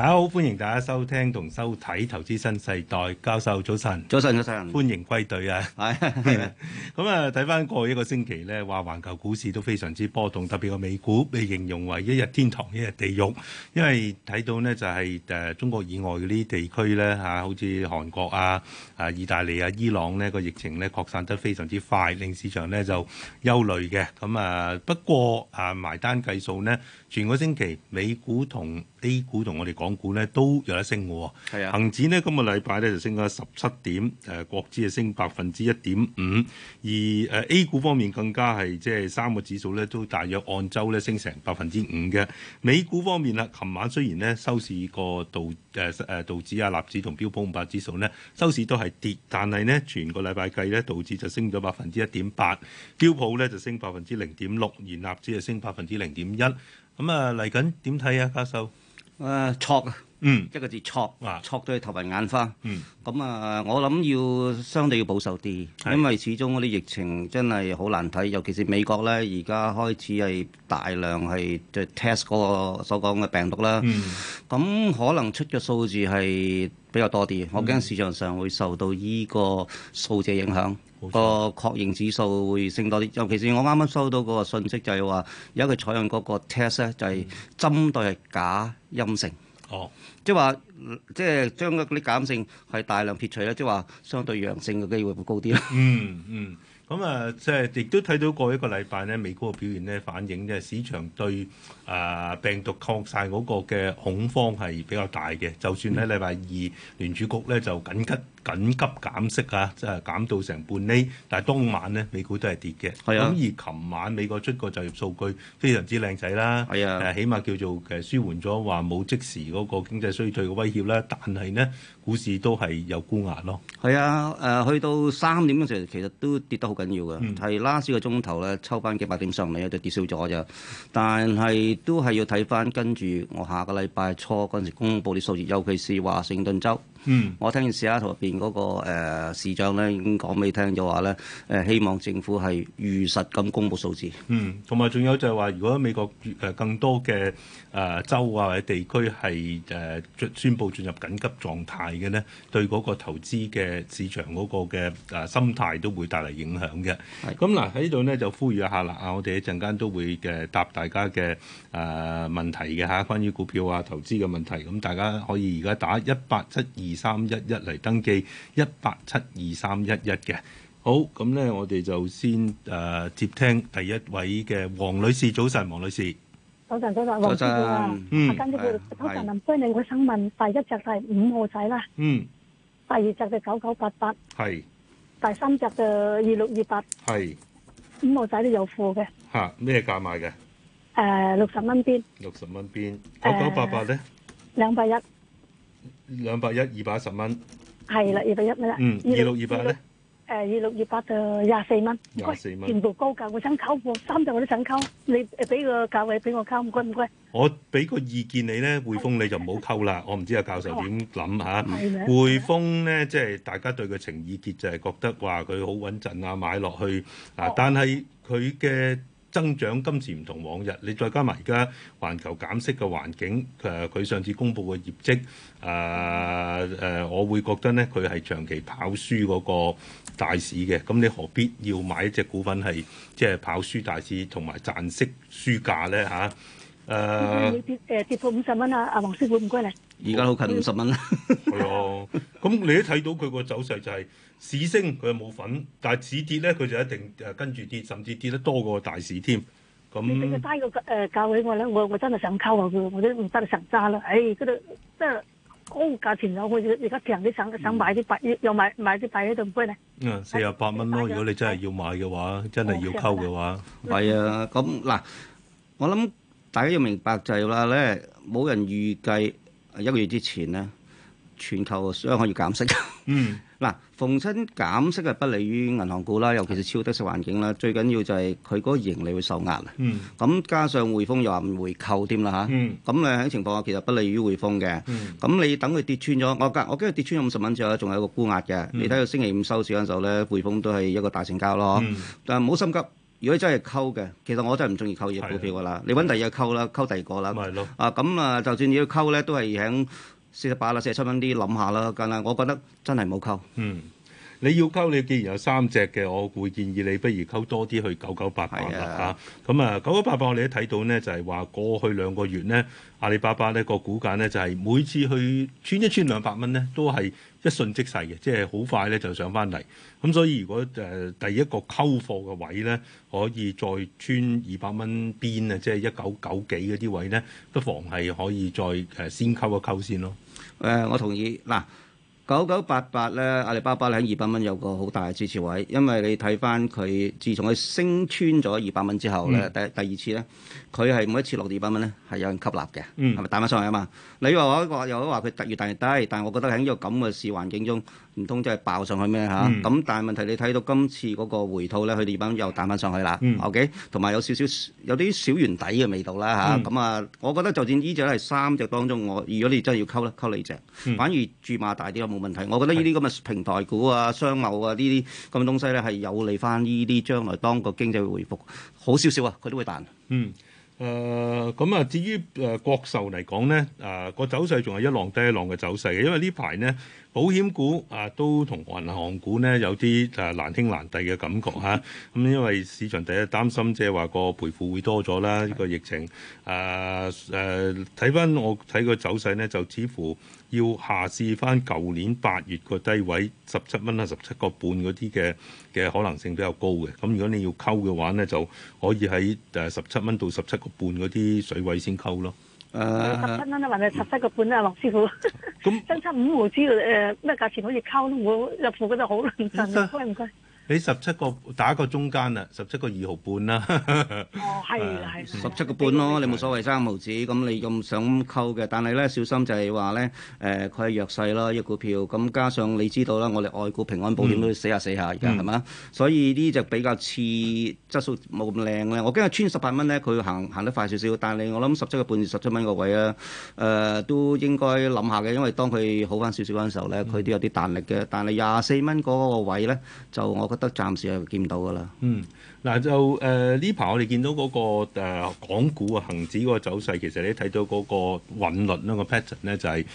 大家好，歡迎大家收聽同收睇《投資新世代》。教授早晨，早晨，早晨，歡迎歸隊啊！係咁啊，睇翻過去一個星期咧，話環球股市都非常之波動，特別個美股被形容為一日天堂，一日地獄。因為睇到咧就係誒中國以外嗰啲地區咧嚇，好似韓國啊、啊意大利啊、伊朗咧個疫情咧擴散得非常之快，令市場咧就憂慮嘅。咁啊，不過啊，埋單計數咧。全個星期，美股同 A 股同我哋港股呢都有得升嘅、哦。恒指呢，今個禮拜呢就升咗十七點，誒、呃、國指係升百分之一點五，而誒 A 股方面更加係即係三個指數呢都大約按周咧升成百分之五嘅。美股方面啦，琴晚雖然呢收市個道誒誒道指啊、納指同標普五百指數呢收市都係跌，但係呢全個禮拜計呢，道指就升咗百分之一點八，標普呢就升百分之零點六，而納指係升百分之零點一。咁啊嚟緊點睇啊，教授？啊，錯啊！嗯，一個字錯，錯到佢頭暈眼花。嗯，咁啊，我諗要相對要保守啲，的因為始終嗰啲疫情真係好難睇，尤其是美國咧，而家開始係大量係即係 test 嗰個所講嘅病毒啦。咁、嗯、可能出嘅數字係比較多啲，我驚市場上會受到依個數字影響。個確認指數會升多啲，尤其是我啱啱收到嗰個訊息，就係話而家佢採用嗰個 test 咧，就係針對係假陰性，哦、嗯，即係話即係將嗰啲假陰性係大量撇除咧，即係話相對陽性嘅機會會高啲啦、 嗯。嗯嗯，咁啊，即係亦都睇到過一個禮拜呢，美國嘅表現呢，反映即係市場對啊、呃、病毒擴散嗰個嘅恐慌係比較大嘅。嗯、就算喺禮拜二聯儲局咧就緊急，緊急減息啊！即係減到成半厘，但係當晚咧，美股都係跌嘅。係啊，咁而琴晚美國出個就業數據非常之靚仔啦。係啊，誒、啊，起碼叫做誒舒緩咗話冇即時嗰個經濟衰退嘅威脅啦。但係呢，股市都係有沽壓咯。係啊，誒、呃，去到三點嘅時候，其實都跌得好緊要嘅，係 last 個鐘頭咧，抽翻幾百點上嚟就跌少咗啫。但係都係要睇翻跟住我下個禮拜初嗰陣時公布啲數字，尤其是華盛頓州。嗯，我聽西雅圖入邊嗰個、呃、市長咧已經講俾你聽，就話咧誒希望政府係如實咁公布數字。嗯，同埋仲有就係話，如果美國誒更多嘅誒、呃、州啊或者地區係誒、呃、宣佈進入緊急狀態嘅咧，對嗰個投資嘅市場嗰個嘅誒、呃、心態都會帶嚟影響嘅。係的，咁嗱喺呢度咧就呼籲一下啦，啊，我哋一陣間都會嘅答大家嘅。誒問題嘅嚇，關於股票啊、投資嘅問題，咁大家可以而家打一八七二三一一嚟登記，一八七二三一一嘅。好，咁咧我哋就先誒接聽第一位嘅黃女士。早晨，黃女士，早晨，早晨，黃女士，嗯，啊，跟住佢早晨林哥，你，我想問第一隻就係五號仔啦，嗯，第二隻就九九八八，係，第三隻就二六二八，係，五號仔都有貨嘅，嚇，咩價賣嘅？誒六十蚊邊？六十蚊邊？九九八八咧？兩百一，兩百一二百一十蚊。係啦，二百一蚊啦？嗯，二六二八咧？誒二六二八就廿四蚊。廿四蚊。全部高價，我想溝貨，三隻我都想溝。你誒俾個價位俾我溝唔該，唔該。我俾個意見你咧，匯豐你就唔好溝啦。我唔知阿教授點諗嚇？匯豐咧，即係大家對佢情意結就係覺得話佢好穩陣啊，買落去啊。但係佢嘅。增長今次唔同往日，你再加埋而家環球減息嘅環境，誒佢上次公布嘅業績，誒、呃、誒，我會覺得呢，佢係長期跑輸嗰個大市嘅。咁你何必要買一隻股份係即係跑輸大市同埋賺息輸價呢？吓、啊？誒誒跌破五十蚊啊！阿黃師傅唔該啦。而家好近五十蚊，係咯。咁你一睇到佢個走勢就係市升佢又冇份，但係市跌咧佢就一定誒跟住跌，甚至跌得多過大市添。咁俾佢低個誒價位我咧，我我真係想溝下佢，我都唔得唔揸啦。唉，嗰度即係高價錢咗，我而家平啲，想想買啲幣，又買買啲幣喺度唔該咧。嗯，四十八蚊咯，如果你真係要買嘅話，真係要溝嘅話，係啊。咁嗱，我諗大家要明白就係啦咧，冇人預計。一個月之前咧，全球商可以減息。嗯，嗱，逢親減息係不利於銀行股啦，尤其是超低息環境啦。最緊要就係佢嗰個盈利會受壓。嗯，咁加上匯豐又話唔回購添啦嚇。嗯，咁啊喺情況下其實不利於匯豐嘅。嗯，咁你等佢跌穿咗，我隔我驚佢跌穿咗五十蚊之後，仲有個沽壓嘅。你睇到星期五收市嗰陣時咧，匯豐都係一個大成交咯。嗯，但係唔好心急。如果真係溝嘅，其實我真係唔中意溝嘢股票㗎啦。你揾第二個溝啦，溝第二個啦。係咯。啊，咁啊，就算你要溝咧，都係喺四十八啦、四十七蚊啲諗下啦。但係，我覺得真係冇溝。嗯。你要溝你，既然有三隻嘅，我會建議你不如溝多啲去九九八八啦嚇。咁啊，九九八八我哋都睇到咧，就係話過去兩個月咧，阿里巴巴呢個股價咧就係每次去穿一穿兩百蚊咧，都係一瞬即逝嘅，即係好快咧就上翻嚟。咁所以如果誒第一個溝貨嘅位咧，可以再穿二百蚊邊啊，即係一九九幾嗰啲位咧，不妨係可以再誒先溝一溝先咯。誒，我同意嗱。九九八八咧，阿里巴巴咧喺二百蚊有個好大嘅支持位，因為你睇翻佢，自從佢升穿咗二百蚊之後咧，嗯、第第二次咧，佢係每一次落二百蚊咧，係有人吸納嘅，係咪帶翻上去啊嘛？你話我話又話佢越跌越低，但係我覺得喺呢個咁嘅市環境中。唔通真係爆上去咩嚇？咁、嗯、但係問題你睇到今次嗰個回吐咧，佢跌班又彈翻上去啦。O K，同埋有少少有啲小圓底嘅味道啦嚇。咁啊、嗯、啊，我覺得就算呢隻咧係三隻當中，我如果你真係要溝咧，溝呢隻，嗯、反而注碼大啲咯，冇問題。我覺得呢啲咁嘅平台股啊、商貿啊呢啲咁嘅東西咧，係有利翻呢啲將來當個經濟回復好少少啊，佢都會彈。嗯。誒咁啊，至於誒國壽嚟講咧，誒、呃、個走勢仲係一浪低一浪嘅走勢嘅，因為呢排咧保險股啊都同銀行股咧有啲誒難兄難弟嘅感覺嚇。咁、啊、因為市場第一擔心即係話個賠付會多咗啦，呢、這個疫情誒誒睇翻我睇個走勢咧就似乎。要下試翻舊年八月個低位十七蚊，啊，十七個半嗰啲嘅嘅可能性比較高嘅，咁如果你要溝嘅話咧，就可以喺誒十七蚊到十七個半嗰啲水位先溝咯。誒十七蚊啊，或者十七個半啊，羅師傅。咁爭七五毫，唔知道誒咩價錢好似溝咯，我入庫嗰度好亂陣，唔該唔該你十七個打個中間個 啊，十七個二毫半啦。哦，係啦，十七、嗯、個半咯，嗯、你冇所謂三毫紙，咁你又想溝嘅？的但係咧，小心就係話咧，誒、呃，佢係弱勢咯，一股票咁加上你知道啦，我哋外股平安保險都要死下死下，而家係嘛？所以呢隻比較似質素冇咁靚咧。我驚日穿十八蚊咧，佢行行得快少少，但係我諗十七個半十七蚊個位啊，誒、呃，都應該諗下嘅，因為當佢好翻少少嗰陣時候咧，佢都有啲彈力嘅。但係廿四蚊嗰個位咧，就我覺得得暫時係見唔到噶啦。嗯，嗱就誒呢排我哋見到嗰、那個嗰個誒、呃、港股啊、恒指嗰個走勢，其實你睇到嗰個韻律、呢個、呢個 pattern 咧就係、係。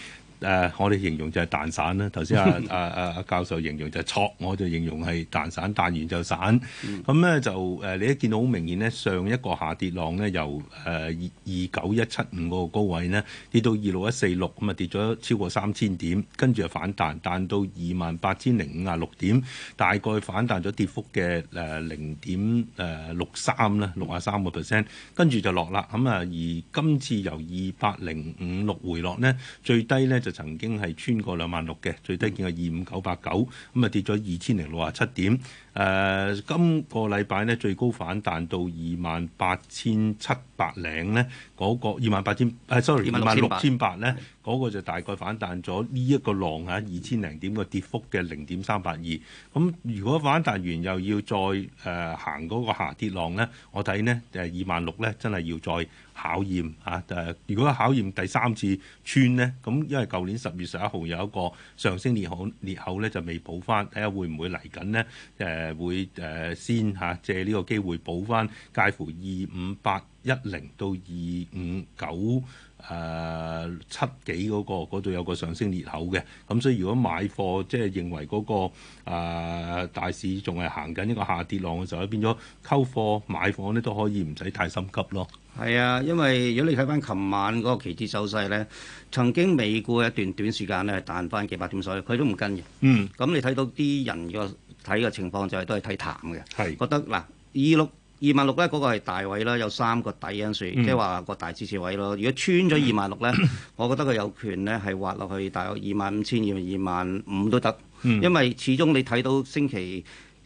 誒，uh, 我哋形容就係彈散啦。頭先阿阿阿教授形容就係、是、挫，我就形容係彈散，彈完就散。咁咧 就誒，你一見到好明顯呢，上一個下跌浪呢，由誒二二九一七五個高位呢跌到二六一四六，咁啊跌咗超過三千點，跟住就反彈，彈到二萬八千零五啊六點，大概反彈咗跌幅嘅誒零點誒六三啦，六啊三個 percent，跟住就落啦。咁啊，而今次由二百零五六回落呢，最低呢。就曾經係穿過兩萬六嘅最低見係二五九八九，咁啊跌咗二千零六十七點。誒、呃，今個禮拜呢，最高反彈到二萬八千七百零呢嗰，那個二萬八千誒，sorry，二萬六千八呢嗰個就大概反彈咗呢一個浪啊，二千零點個跌幅嘅零點三八二。咁如果反彈完又要再誒、呃、行嗰個下跌浪呢，我睇呢，就係二萬六呢，真係要再。考驗啊！誒，如果考驗第三次穿呢？咁因為舊年十月十一號有一個上升裂口裂口呢就未補翻。睇下會唔會嚟緊呢？誒，會誒先嚇借呢個機會補翻，介乎二五八一零到二五九誒七幾嗰度有個上升裂口嘅。咁所以如果買貨即係認為嗰個誒大市仲係行緊一個下跌浪嘅時候，變咗溝貨買貨呢都可以唔使太心急咯。係啊，因為如果你睇翻尋晚嗰個期指走勢咧，曾經未過一段短時間咧係彈翻幾百點水，佢都唔跟嘅。嗯，咁你睇到啲人個睇嘅情況就係都係睇淡嘅。係是覺得嗱，二六二萬六咧嗰個係大位啦，有三個底因素，嗯、即係話個大支持位咯。如果穿咗二萬六咧，我覺得佢有權咧係滑落去大約二萬五千二萬五都得，嗯、因為始終你睇到星期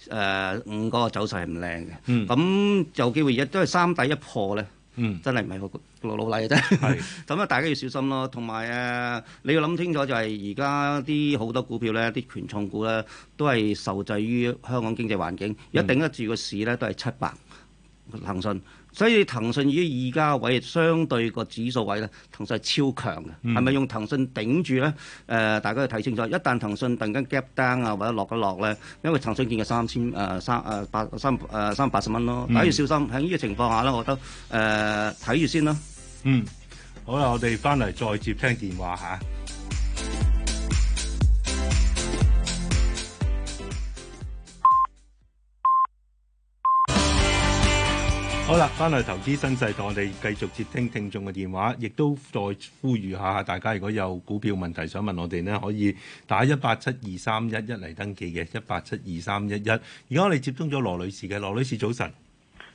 誒五嗰個走勢係唔靚嘅。嗯，咁、嗯、有機會而家都係三底一破咧。嗯，真係唔係個老老賴嘅啫。係，咁啊是 大家要小心咯。同埋誒，你要諗清楚就係而家啲好多股票咧，啲權重股咧，都係受制於香港經濟環境。而家頂得住個市咧，都係七百、騰訊。所以騰訊依而家位相對個指數位咧，騰訊係超強嘅，係咪、嗯、用騰訊頂住咧？誒、呃，大家要睇清楚。一旦騰訊突然間 gap down 啊，或者落一落咧，因為騰訊見嘅三千誒三誒八三誒三百八十蚊咯，嗯、大家要小心喺呢個情況下咧，我覺得誒睇住先咯。嗯，好啦，我哋翻嚟再接聽電話吓。好啦，翻嚟投資新世代，我哋繼續接聽聽眾嘅電話，亦都再呼籲下大家，如果有股票問題想問我哋呢，可以打一八七二三一一嚟登記嘅，一八七二三一一。而家我哋接通咗羅女士嘅，羅女士早晨，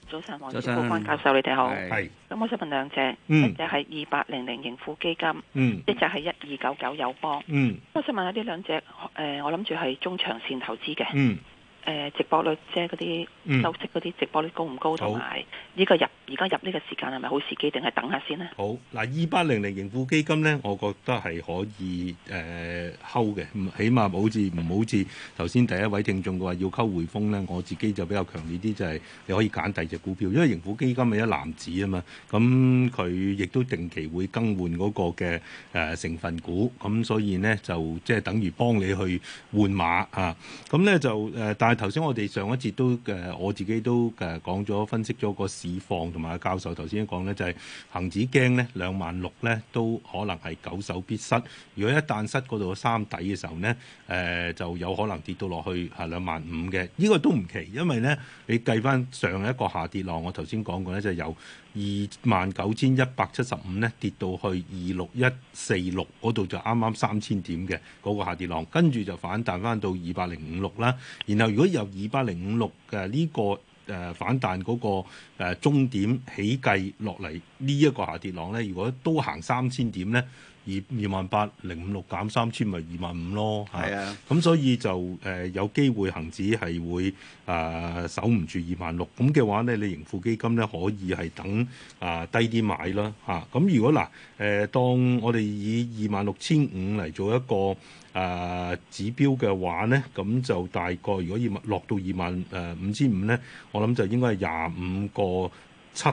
早晨，黃子高教授，你哋好。係。咁我想問兩隻，一隻係二八零零盈富基金，嗯，一隻係一二九九友邦，嗯我，我想問下呢兩隻，誒，我諗住係中長線投資嘅，嗯。嗯誒直播率即係嗰啲收息嗰啲直播率高唔高，同埋呢個入而家入呢個時間係咪好時機，定係等下先呢？好嗱，二八零零盈富基金咧，我覺得係可以誒溝嘅，起碼冇至唔好似頭先第一位聽眾嘅話要溝匯豐咧，我自己就比較強烈啲，就係你可以揀第二隻股票，因為盈富基金係一籃子啊嘛，咁佢亦都定期會更換嗰個嘅誒成分股，咁所以呢，就即係等於幫你去換馬啊，咁咧就誒但。頭先我哋上一節都嘅，我自己都誒講咗分析咗個市況，同埋教授頭先講咧，就係恆指驚咧兩萬六咧，都可能係久守必失。如果一旦失嗰度三底嘅時候咧，誒、呃、就有可能跌到落去係兩萬五嘅。呢、這個都唔奇，因為咧你計返上一個下跌浪，我頭先講過咧，就係、是、有。二萬九千一百七十五咧，跌到去二六一四六嗰度就啱啱三千點嘅嗰、那個下跌浪，跟住就反彈翻到二百零五六啦。然後如果由二百零五六嘅呢個誒、呃、反彈嗰、那個誒終、呃、點起計落嚟呢一個下跌浪咧，如果都行三千點咧。二二萬八零五六減三千咪二萬五咯，係啊，咁的所以就誒有機會恒指係會啊守唔住二萬六，咁嘅話咧，你盈富基金咧可以係等低啊低啲買啦，嚇咁如果嗱誒、呃、當我哋以二萬六千五嚟做一個誒、呃、指標嘅話咧，咁就大概如果二萬落到二萬誒五千五咧，我諗就應該係廿五個七。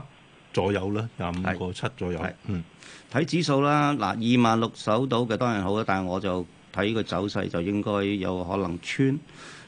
左右啦，廿五個七左右。嗯，睇指數啦，嗱二萬六守到嘅當然好啦，但係我就睇個走勢就應該有可能穿，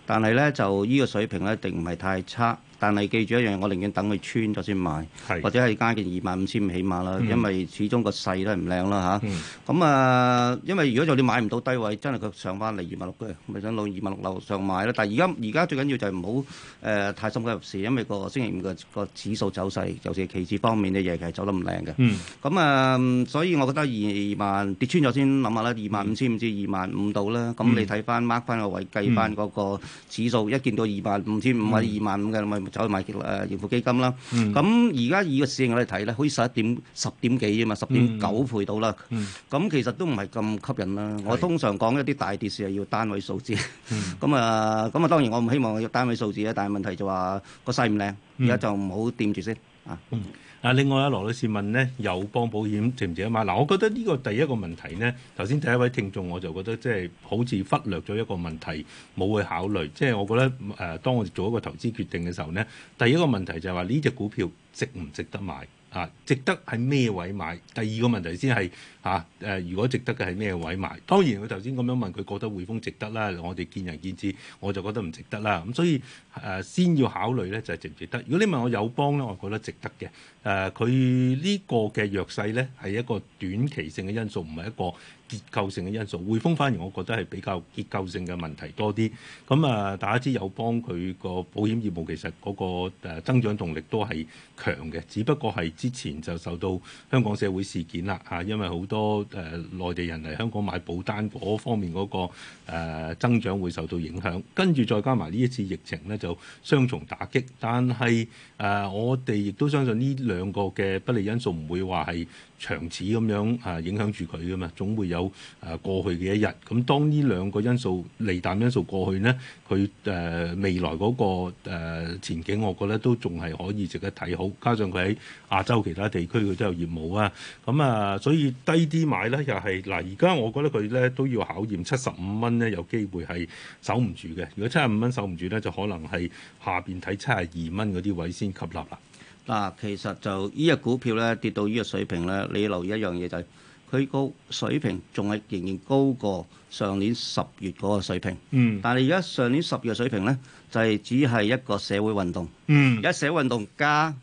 但係咧就依個水平咧一定唔係太差。但係記住一樣，我寧願等佢穿咗先買，或者係加件二萬五千五起碼啦，lei, 嗯、因為始終個勢都係唔靚啦吓，咁啊，因為如果就算買唔到低位，真係佢上翻嚟二萬六嘅，咪想攞二萬六樓上買啦。但係而家而家最緊要就係唔好誒太深嘅入市，因為個星期五個個指數走勢，尤其、嗯、CO, 是期次方面嘅嘢，其實走得唔靚嘅。咁、嗯、啊，所以我覺得二萬跌穿咗先諗下啦，二萬五千五至二萬五度啦。咁你睇翻 mark 翻個位，計翻嗰個指數，一見到二萬五千五或者二萬五嘅走去買誒盈富基金啦，咁而家以個市盈率嚟睇咧，可以十一點十點幾啫嘛，十點九倍到啦，咁、嗯、其實都唔係咁吸引啦。我通常講一啲大跌市係要單位數字，咁 啊、嗯，咁啊、嗯嗯嗯、當然我唔希望要單位數字啊，但係問題就話個勢唔靚，而家、嗯、就唔好掂住先啊。嗯。啊！另外啊，羅女士問咧，友邦保險值唔值得買？嗱，我覺得呢個第一個問題咧，頭先第一位聽眾我就覺得即係好似忽略咗一個問題，冇去考慮。即係我覺得誒，當我哋做一個投資決定嘅時候咧，第一個問題就係話呢隻股票值唔值得買啊？值得喺咩位買？第二個問題先係。嚇誒、啊，如果值得嘅係咩位買？當然，佢頭先咁樣問佢覺得匯豐值得啦，我哋見仁見智，我就覺得唔值得啦。咁所以誒、啊，先要考慮咧就係、是、值唔值得。如果你問我友邦咧，我覺得值得嘅。誒、啊，佢呢個嘅弱勢咧係一個短期性嘅因素，唔係一個結構性嘅因素。匯豐反而我覺得係比較結構性嘅問題多啲。咁啊，大家知友邦佢個保險業務其實嗰個增長動力都係強嘅，只不過係之前就受到香港社會事件啦嚇、啊，因為好。多誒內、呃、地人嚟香港買保單嗰方面嗰、嗰個誒、呃、增長會受到影響，跟住再加埋呢一次疫情咧就雙重打擊。但係誒、呃、我哋亦都相信呢兩個嘅不利因素唔會話係長此咁樣誒影響住佢噶嘛，總會有誒、呃、過去嘅一日。咁、啊、當呢兩個因素利淡因素過去咧，佢誒、呃、未來嗰、嗰個誒、呃、前景，我覺得都仲係可以值得睇好。加上佢喺亞洲其他地區佢都有業務啊，咁啊所以低。呢啲買咧又係嗱，而家我覺得佢咧都要考驗七十五蚊咧，有機會係守唔住嘅。如果七十五蚊守唔住咧，就可能係下邊睇七十二蚊嗰啲位先吸納啦。嗱，其實就呢隻股票咧跌到呢個水平咧，你要留意一樣嘢就係佢個水平仲係仍然高過上年十月嗰個水平。嗯。但係而家上年十月嘅水平咧，就係、係、只係一個社會運動。嗯。而家社會運動加。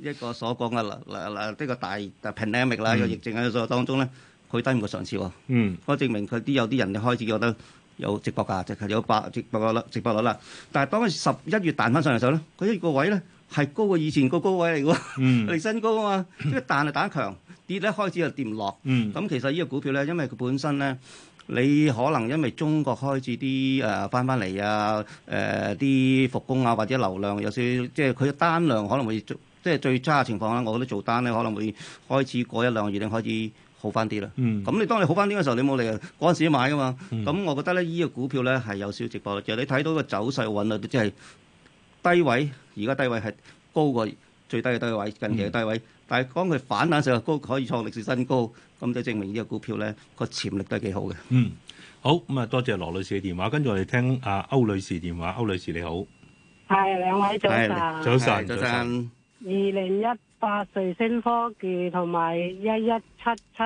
一個所講嘅嗱嗱嗱，呢個大 pandemic 啦，個疫情喺在當中咧，佢低唔過上次喎。嗯。咁證明佢啲有啲人就開始覺得有值博㗎，即係有百值博率、值博率啦。但係當佢十一月彈翻上嚟時候咧，佢一個位咧係高過以前個高位嚟嘅喎。嗯。係新 高啊嘛，因一彈係彈強，跌咧開始就跌唔落。咁、嗯嗯、其實呢個股票咧，因為佢本身咧，你可能因為中國開始啲誒翻翻嚟啊，誒、呃、啲復工啊，或者流量有少少，即係佢嘅單量可能會。即係最差嘅情況啦，我覺得做單咧可能會開始過一兩個月，咧開始好返啲啦。咁你、嗯、當你好返啲嘅時候，你冇理由嗰陣時買噶嘛。咁、嗯、我覺得咧，依、這個股票咧係有少少直播嘅。其實。你睇到個走勢穩啦，即係低位，而家低位係高過最低嘅低位，近期嘅低位。嗯、但係當佢反彈成日高，可以創歷史新高，咁就證明呢個股票咧個潛力都係幾好嘅。嗯，好咁啊，多謝羅女士嘅電話，跟住我哋聽阿歐女士電話。歐女士你好，係兩位早晨，早晨上早晨上。早二零一八瑞星科技同埋一一七七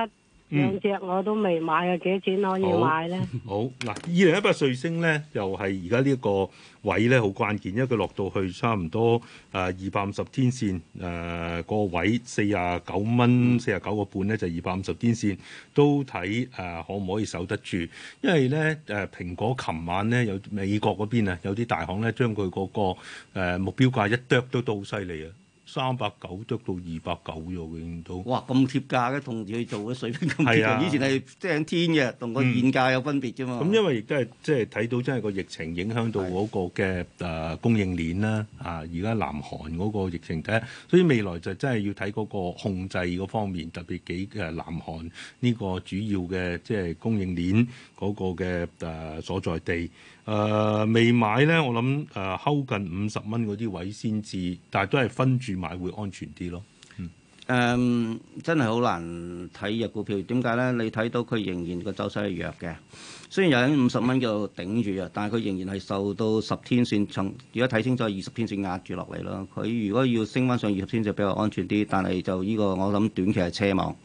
兩隻我都未買啊！幾多錢可以買咧？好嗱，二零一八瑞星咧，又係而家呢一個位咧，好關鍵，因為佢落到去差唔多誒二百五十天線誒、呃那個位，四十九蚊、四十九個半咧，就二百五十天線都睇誒、呃、可唔可以守得住？因為咧誒蘋果琴晚咧有美國嗰邊啊，有啲大行咧將佢嗰個、呃、目標價一 drop 都都好犀利啊！三百九跌到二百九咗，見到哇咁貼價嘅，同佢做嘅水平咁、啊、以前係即係天嘅，同個現價有分別啫嘛。咁、嗯、因為亦都係即係睇到，即係個疫情影響到嗰個嘅誒供應鏈啦。是啊，而家南韓嗰個疫情睇，一，所以未來就真係要睇嗰個控制嗰方面，特別幾誒南韓呢個主要嘅即係供應鏈嗰個嘅誒所在地。誒、呃，未買呢，我諗誒靠近五十蚊嗰啲位先至，但係都係分住買會安全啲咯。嗯，um, 真係好難睇日股票，點解呢？你睇到佢仍然個走勢係弱嘅，雖然有五十蚊嗰度頂住啊，但係佢仍然係受到十天線從，如果睇清楚二十天線壓住落嚟咯。佢如果要升返上二十天就比較安全啲，但係就呢個我諗短期係奢望。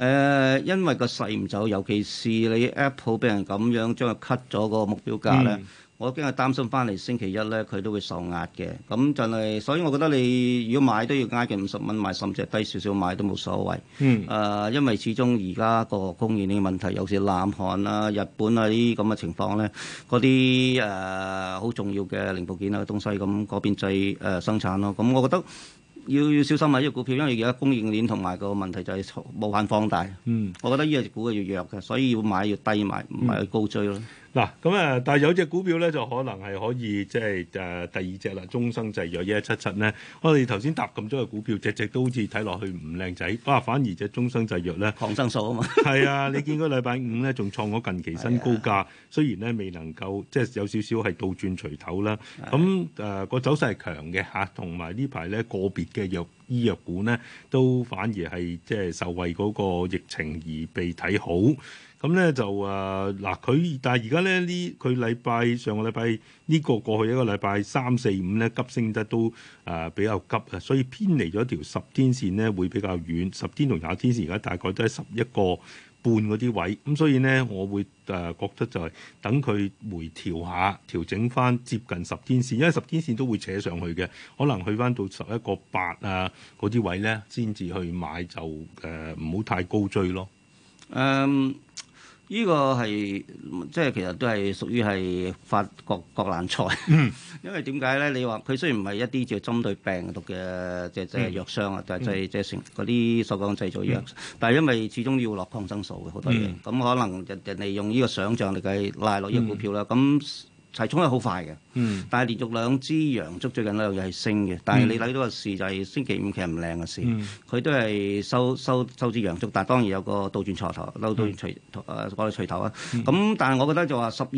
誒、呃，因為個勢唔走，尤其是你 Apple 俾人咁樣將佢 cut 咗個目標價咧，嗯、我驚係擔心翻嚟星期一咧，佢都會受壓嘅。咁就係、是，所以我覺得你如果買都要挨近五十蚊買，甚至係低少少買都冇所謂。嗯。誒、呃，因為始終而家個供應鏈問題，尤其是南韓啦、日本啊啲咁嘅情況咧、啊，嗰啲誒好重要嘅零部件啊東西咁、啊、嗰邊製、呃、生產咯、啊。咁、嗯、我覺得。要要小心買呢啲股票，因為而家供應鏈同埋個問題就係無限放大。嗯，我覺得呢個股要弱嘅，所以要買，要低買，唔係去高追咯。嗯嗱，咁啊，但係有隻股票咧，就可能係可以即係誒第二隻啦，中生製藥一一七七咧。我哋頭先搭咁多嘅股票，只只都好似睇落去唔靚仔，哇、啊！反而隻中生製藥咧，抗生素啊嘛，係 啊，你見嗰禮拜五咧，仲創咗近期新高價，啊、雖然咧未能夠即係有少少係倒轉錘頭啦。咁誒個走勢係強嘅嚇，同、啊、埋呢排咧個別嘅藥醫藥股咧，都反而係即係受惠嗰個疫情而被睇好。咁咧就誒嗱，佢但係而家咧呢？佢禮拜上個禮拜呢個過去一個禮拜三四五咧，急升得都誒比較急啊，所以偏離咗條十天線咧會比較遠。十天同廿天線而家大概都係十一個半嗰啲位咁，所以呢，我會誒覺得就係等佢回調下調整翻接近十天線，因為十天線都會扯上去嘅，可能去翻到十一個八啊嗰啲位咧先至去買，就誒唔好太高追咯。嗯。呢個係即係其實都係屬於係法國國難財，因為點解咧？你話佢雖然唔係一啲即係針對病毒嘅即係即係藥商啊，但係即係成嗰啲所講製造藥，嗯、但係因為始終要落抗生素嘅好多嘢，咁、嗯、可能人人利用呢個想像力嘅拉落呢個股票啦，咁齊充係好快嘅。嗯，但係連續兩支陽燭最近咧又係升嘅，但係你睇到個市就係星期五其實唔靚嘅市，佢都係收收收支陽燭，但當然有個倒轉錘頭，扭到個錘頭啊！咁但係我覺得就話十二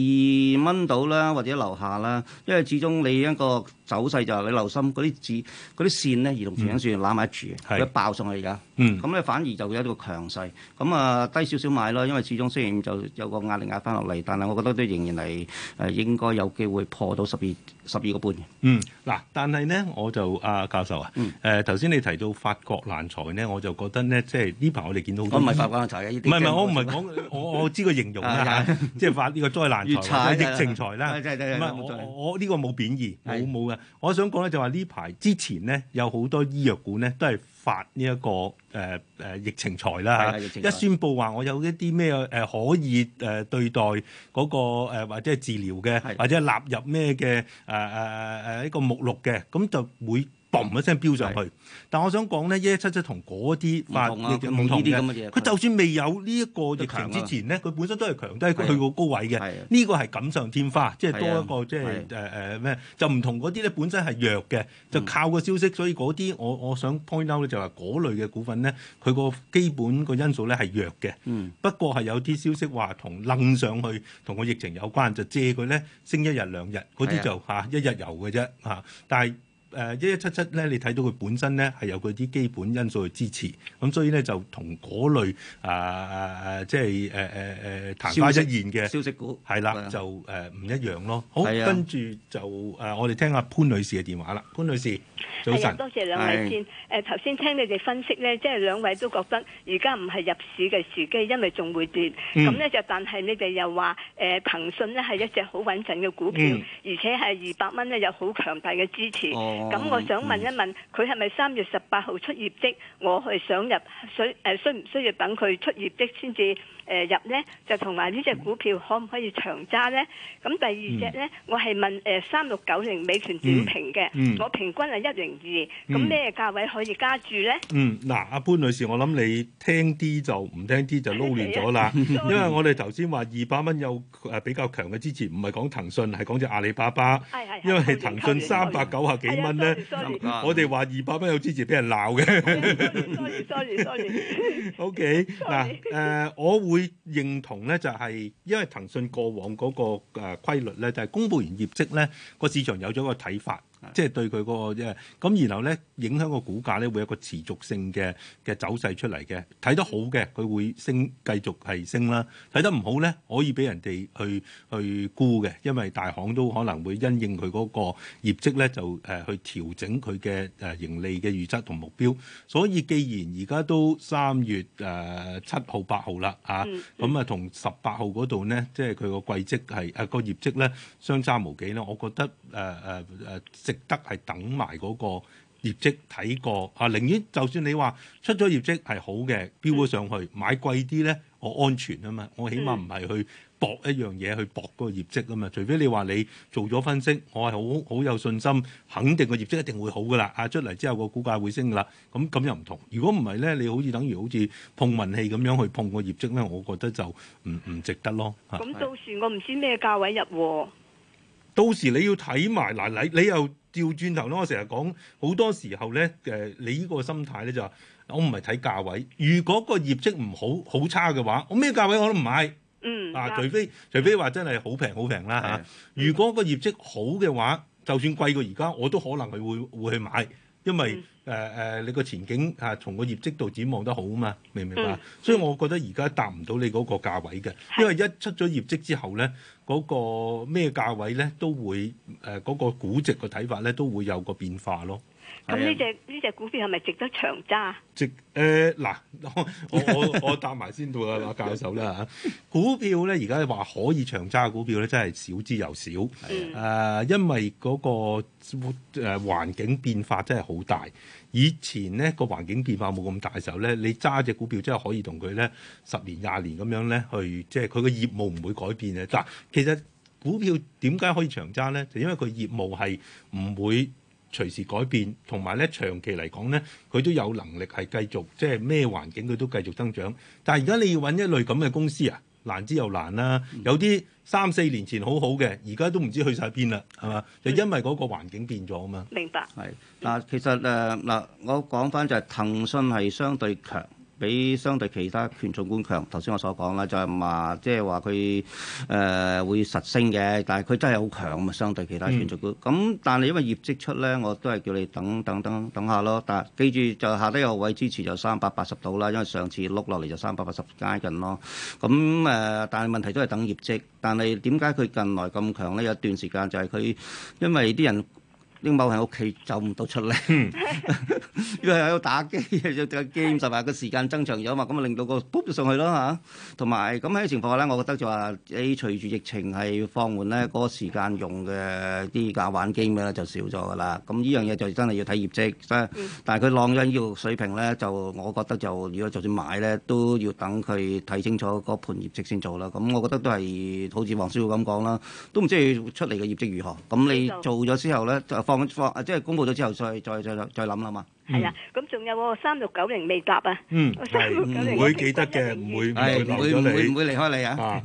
蚊到啦，或者樓下啦，因為始終你一個走勢就你留心嗰啲字嗰啲線咧，移動平均線攬埋一住，佢爆上去而家，咁咧反而就有一個強勢，咁啊低少少買咯，因為始終雖然就有個壓力壓翻落嚟，但係我覺得都仍然係誒應該有機會破到。到十二十二個半嘅。嗯，嗱，但係咧，我就阿教授啊，誒頭先你提到發國難財咧，我就覺得咧，即係呢排我哋見到好多。我唔係發國難財嘅，唔係唔係，我唔係講我我知個形容啊，即係發呢個災難財、疫情財啦。唔係我我呢個冇貶義，冇冇嘅。我想講咧，就話呢排之前咧，有好多醫藥股咧，都係。發呢、這、一個誒誒、呃、疫情財啦嚇，疫情一宣布，話我有一啲咩誒可以誒、呃、對待嗰個、那個誒或者係治療嘅，或者係納的入咩嘅誒誒誒誒一個目錄嘅，咁就會。嘣一聲飆上去，但我想講咧，一一七七同嗰啲唔同啊，唔同啲咁嘅嘢。佢就算未有呢一個疫情之前咧，佢本身都係強低去過高位嘅。呢個係錦上添花，即係多一個即係誒誒咩？就唔同嗰啲咧，本身係弱嘅，就靠個消息。所以嗰啲我我想 point out 咧，就係嗰類嘅股份咧，佢個基本個因素咧係弱嘅。不過係有啲消息話同撚上去同個疫情有關，就借佢咧升一日兩日，嗰啲就嚇一日遊嘅啫嚇。但係誒一一七七咧，你睇到佢本身咧係有佢啲基本因素去支持，咁所以咧就同嗰類啊啊、呃、即係誒誒誒曇花一現嘅消息股係啦，的的就誒唔一樣咯。好，跟住的就誒、呃，我哋聽下潘女士嘅電話啦。潘女士早晨，多謝兩位先。誒的，頭先聽你哋分析咧，即係兩位都覺得而家唔係入市嘅時機，因為仲會跌。咁咧就但係你哋又話誒騰訊咧係一隻好穩陣嘅股票，嗯、而且係二百蚊咧有好強大嘅支持。咁我想問一問，佢係咪三月十八號出業績？我係想入，需誒、呃，需唔需要等佢出業績先至？誒入咧就同埋呢隻股票可唔可以長揸咧？咁第二隻咧，我係問誒三六九零美團點評嘅，我平均係一零二，咁咩價位可以加注咧？嗯，嗱，阿潘女士，我諗你聽啲就唔聽啲就撈亂咗啦，因為我哋頭先話二百蚊有誒比較強嘅支持，唔係講騰訊，係講隻阿里巴巴。係係。因為騰訊三百九十幾蚊咧，我哋話二百蚊有支持俾人鬧嘅。多謝多謝多謝 O K 嗱誒，我換。會認同咧，就係因為騰訊過往嗰個誒規律咧，就係公布完業績咧，個市場有咗個睇法。即係對佢嗰個即係咁，然後咧影響個股價咧會有個持續性嘅嘅走勢出嚟嘅。睇得好嘅，佢會升繼續係升啦。睇得唔好咧，可以俾人哋去去估嘅，因為大行都可能會因應佢嗰個業績咧，就誒去調整佢嘅誒盈利嘅預測同目標。所以既然而家都三月誒七號八號啦，啊，咁啊同十八號嗰度咧，即係佢個季績係啊個業績咧相差無幾咧，我覺得誒誒誒。呃呃呃值得係等埋嗰個業績睇過啊！寧願就算你話出咗業績係好嘅，飆咗上去、嗯、買貴啲咧，我安全啊嘛！我起碼唔係去搏一樣嘢去搏嗰個業績啊嘛！除非你話你做咗分析，我係好好有信心，肯定個業績一定會好噶啦！啊出嚟之後個股價會升噶啦！咁咁又唔同。如果唔係咧，你好似等於好似碰運氣咁樣去碰個業績咧，我覺得就唔唔值得咯。咁到時我唔知咩價位入喎。 到時你要睇埋嗱你你，你又。調轉頭咧，我成日講好多時候咧，誒、呃，你呢個心態咧就話、我唔係睇價位。如果個業績唔好好差嘅話，我咩價位我都唔買。嗯、啊除，除非除非話真係好平好平啦嚇。啊、是如果個業績好嘅話，就算貴過而家，我都可能係會會去買，因為、嗯。誒誒、呃，你個前景嚇、啊、從個業績度展望得好嘛？明唔明白？嗯、所以我覺得而家達唔到你嗰個價位嘅，因為一出咗業績之後咧，嗰、那個咩價位咧都會誒嗰、呃那個估值嘅睇法咧都會有個變化咯。咁呢隻呢隻股票係咪值得長揸？值誒嗱、呃，我我我，我答埋先到啊，教授啦嚇。股票咧而家話可以長揸嘅股票咧，真係少之又少。誒、嗯呃，因為嗰、嗰個誒、呃、環境變化真係好大。以前咧個環境變化冇咁大嘅時候咧，你揸隻股票真係可以同佢咧十年廿年咁樣咧去，即係佢個業務唔會改變嘅。但，其實股票點解可以長揸咧？就因為佢業務係唔會。隨時改變，同埋咧長期嚟講咧，佢都有能力係繼續，即係咩環境佢都繼續增長。但係而家你要揾一類咁嘅公司啊，難之又難啦、啊。有啲三四年前好好嘅，而家都唔知去晒邊啦，係嘛？就因為嗰個環境變咗啊嘛。明白。係嗱，其實誒嗱、呃，我講翻就係、是、騰訊係相對強。比相對其他權重股強，頭先我所講啦，就係話即係話佢誒會實升嘅，但係佢真係好強嘛，相對其他權重股。咁、嗯、但係因為業績出咧，我都係叫你等等等等，等下咯。但係記住就下低個位支持就三百八十度啦，因為上次碌落嚟就三百八十加近咯。咁誒、呃，但係問題都係等業績。但係點解佢近來咁強咧？有段時間就係佢因為啲人。拎貓喺屋企走唔到出嚟， 要喺度打機，又打機五十日嘅時間增長咗嘛，咁啊令到個 boom 咗上去咯嚇。同埋咁喺啲情況下咧，我覺得就話 A 隨住疫情係放緩咧，個時間用嘅啲假玩機咧就少咗噶啦。咁呢樣嘢就真係要睇業績。但係佢浪湧呢個水平咧，就我覺得就如果就算買咧，都要等佢睇清楚嗰盤業績先做啦。咁我覺得都係好似黃師傅咁講啦，都唔知佢出嚟嘅業績如何。咁你做咗之後咧就。放放啊！即係公布咗之後再，再再再再諗啦嘛。係啊，咁仲有個三六九零未答啊？嗯，唔會記得嘅，唔會唔會留咗你，唔會離開你啊！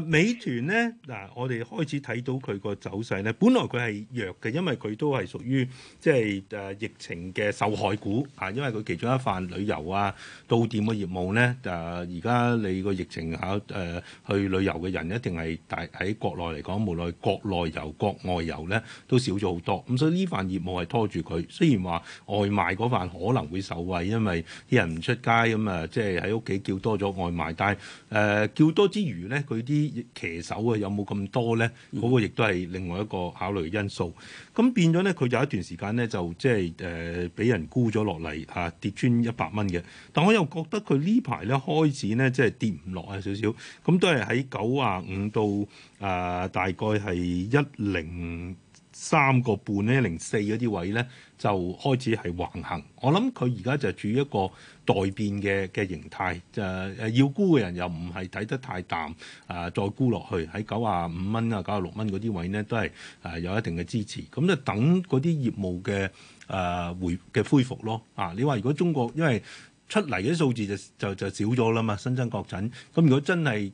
誒，美團咧嗱，我哋開始睇到佢個走勢咧，本來佢係弱嘅，因為佢都係屬於即係誒疫情嘅受害股啊，因為佢其中一範旅遊啊、到店嘅業務咧，誒而家你個疫情下誒去旅遊嘅人一定係大喺國內嚟講，無論國內遊、國外遊咧都少咗好多，咁所以呢範業務係拖住佢。雖然話外。賣嗰飯可能會受惠，因為啲人唔出街咁啊，即係喺屋企叫多咗外賣。但係誒、呃、叫多之餘咧，佢啲騎手啊有冇咁多咧？嗰、嗰個亦都係另外一個考慮因素。咁變咗咧，佢有一段時間咧就即係誒俾人沽咗落嚟，啊跌穿一百蚊嘅。但我又覺得佢呢排咧開始咧即係跌唔落啊少少，咁都係喺九啊五到啊、呃、大概係一零。三個半呢，零四嗰啲位咧就開始係橫行，我諗佢而家就處於一個待變嘅嘅形態，誒、呃、誒要沽嘅人又唔係睇得太淡，啊、呃、再沽落去喺九啊五蚊啊九啊六蚊嗰啲位咧都係誒、呃、有一定嘅支持，咁就等嗰啲業務嘅誒、呃、回嘅恢復咯。啊你話如果中國因為出嚟嘅數字就就就少咗啦嘛，新增確診咁。如果真係誒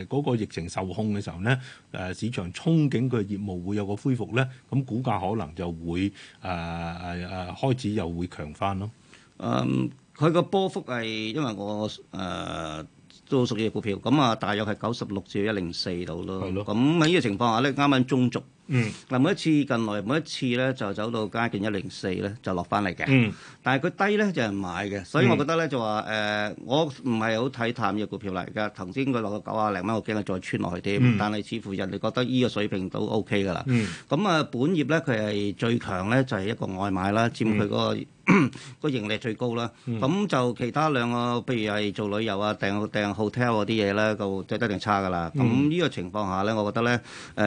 誒嗰個疫情受控嘅時候咧，誒、呃、市場憧憬佢業務會有個恢復咧，咁股價可能就會誒誒、呃啊、開始又會強返咯。誒、嗯，佢個波幅係因為我誒、呃、都屬於股票咁啊，大約係九十六至一零四度咯。係咯的，咁喺呢個情況下咧，啱啱中續。嗯，嗱每一次近來每一次咧就走到加建一零四咧就落翻嚟嘅。嗯、但係佢低咧就唔、是、買嘅，所以我覺得咧就話誒、呃，我唔係好睇淡嘅股票嚟㗎。頭先佢落到九啊零蚊，我驚佢再穿落去啲，但係似乎人哋覺得依個水平都 O K 㗎啦。咁啊、嗯，本業咧佢係最強咧就係、是、一個外賣啦，佔佢嗰、那個。嗯個盈利最高啦，咁就其他兩個，譬如係做旅遊啊、訂訂 hotel 嗰啲嘢咧，就即一定差噶啦。咁呢個情況下咧，我覺得咧，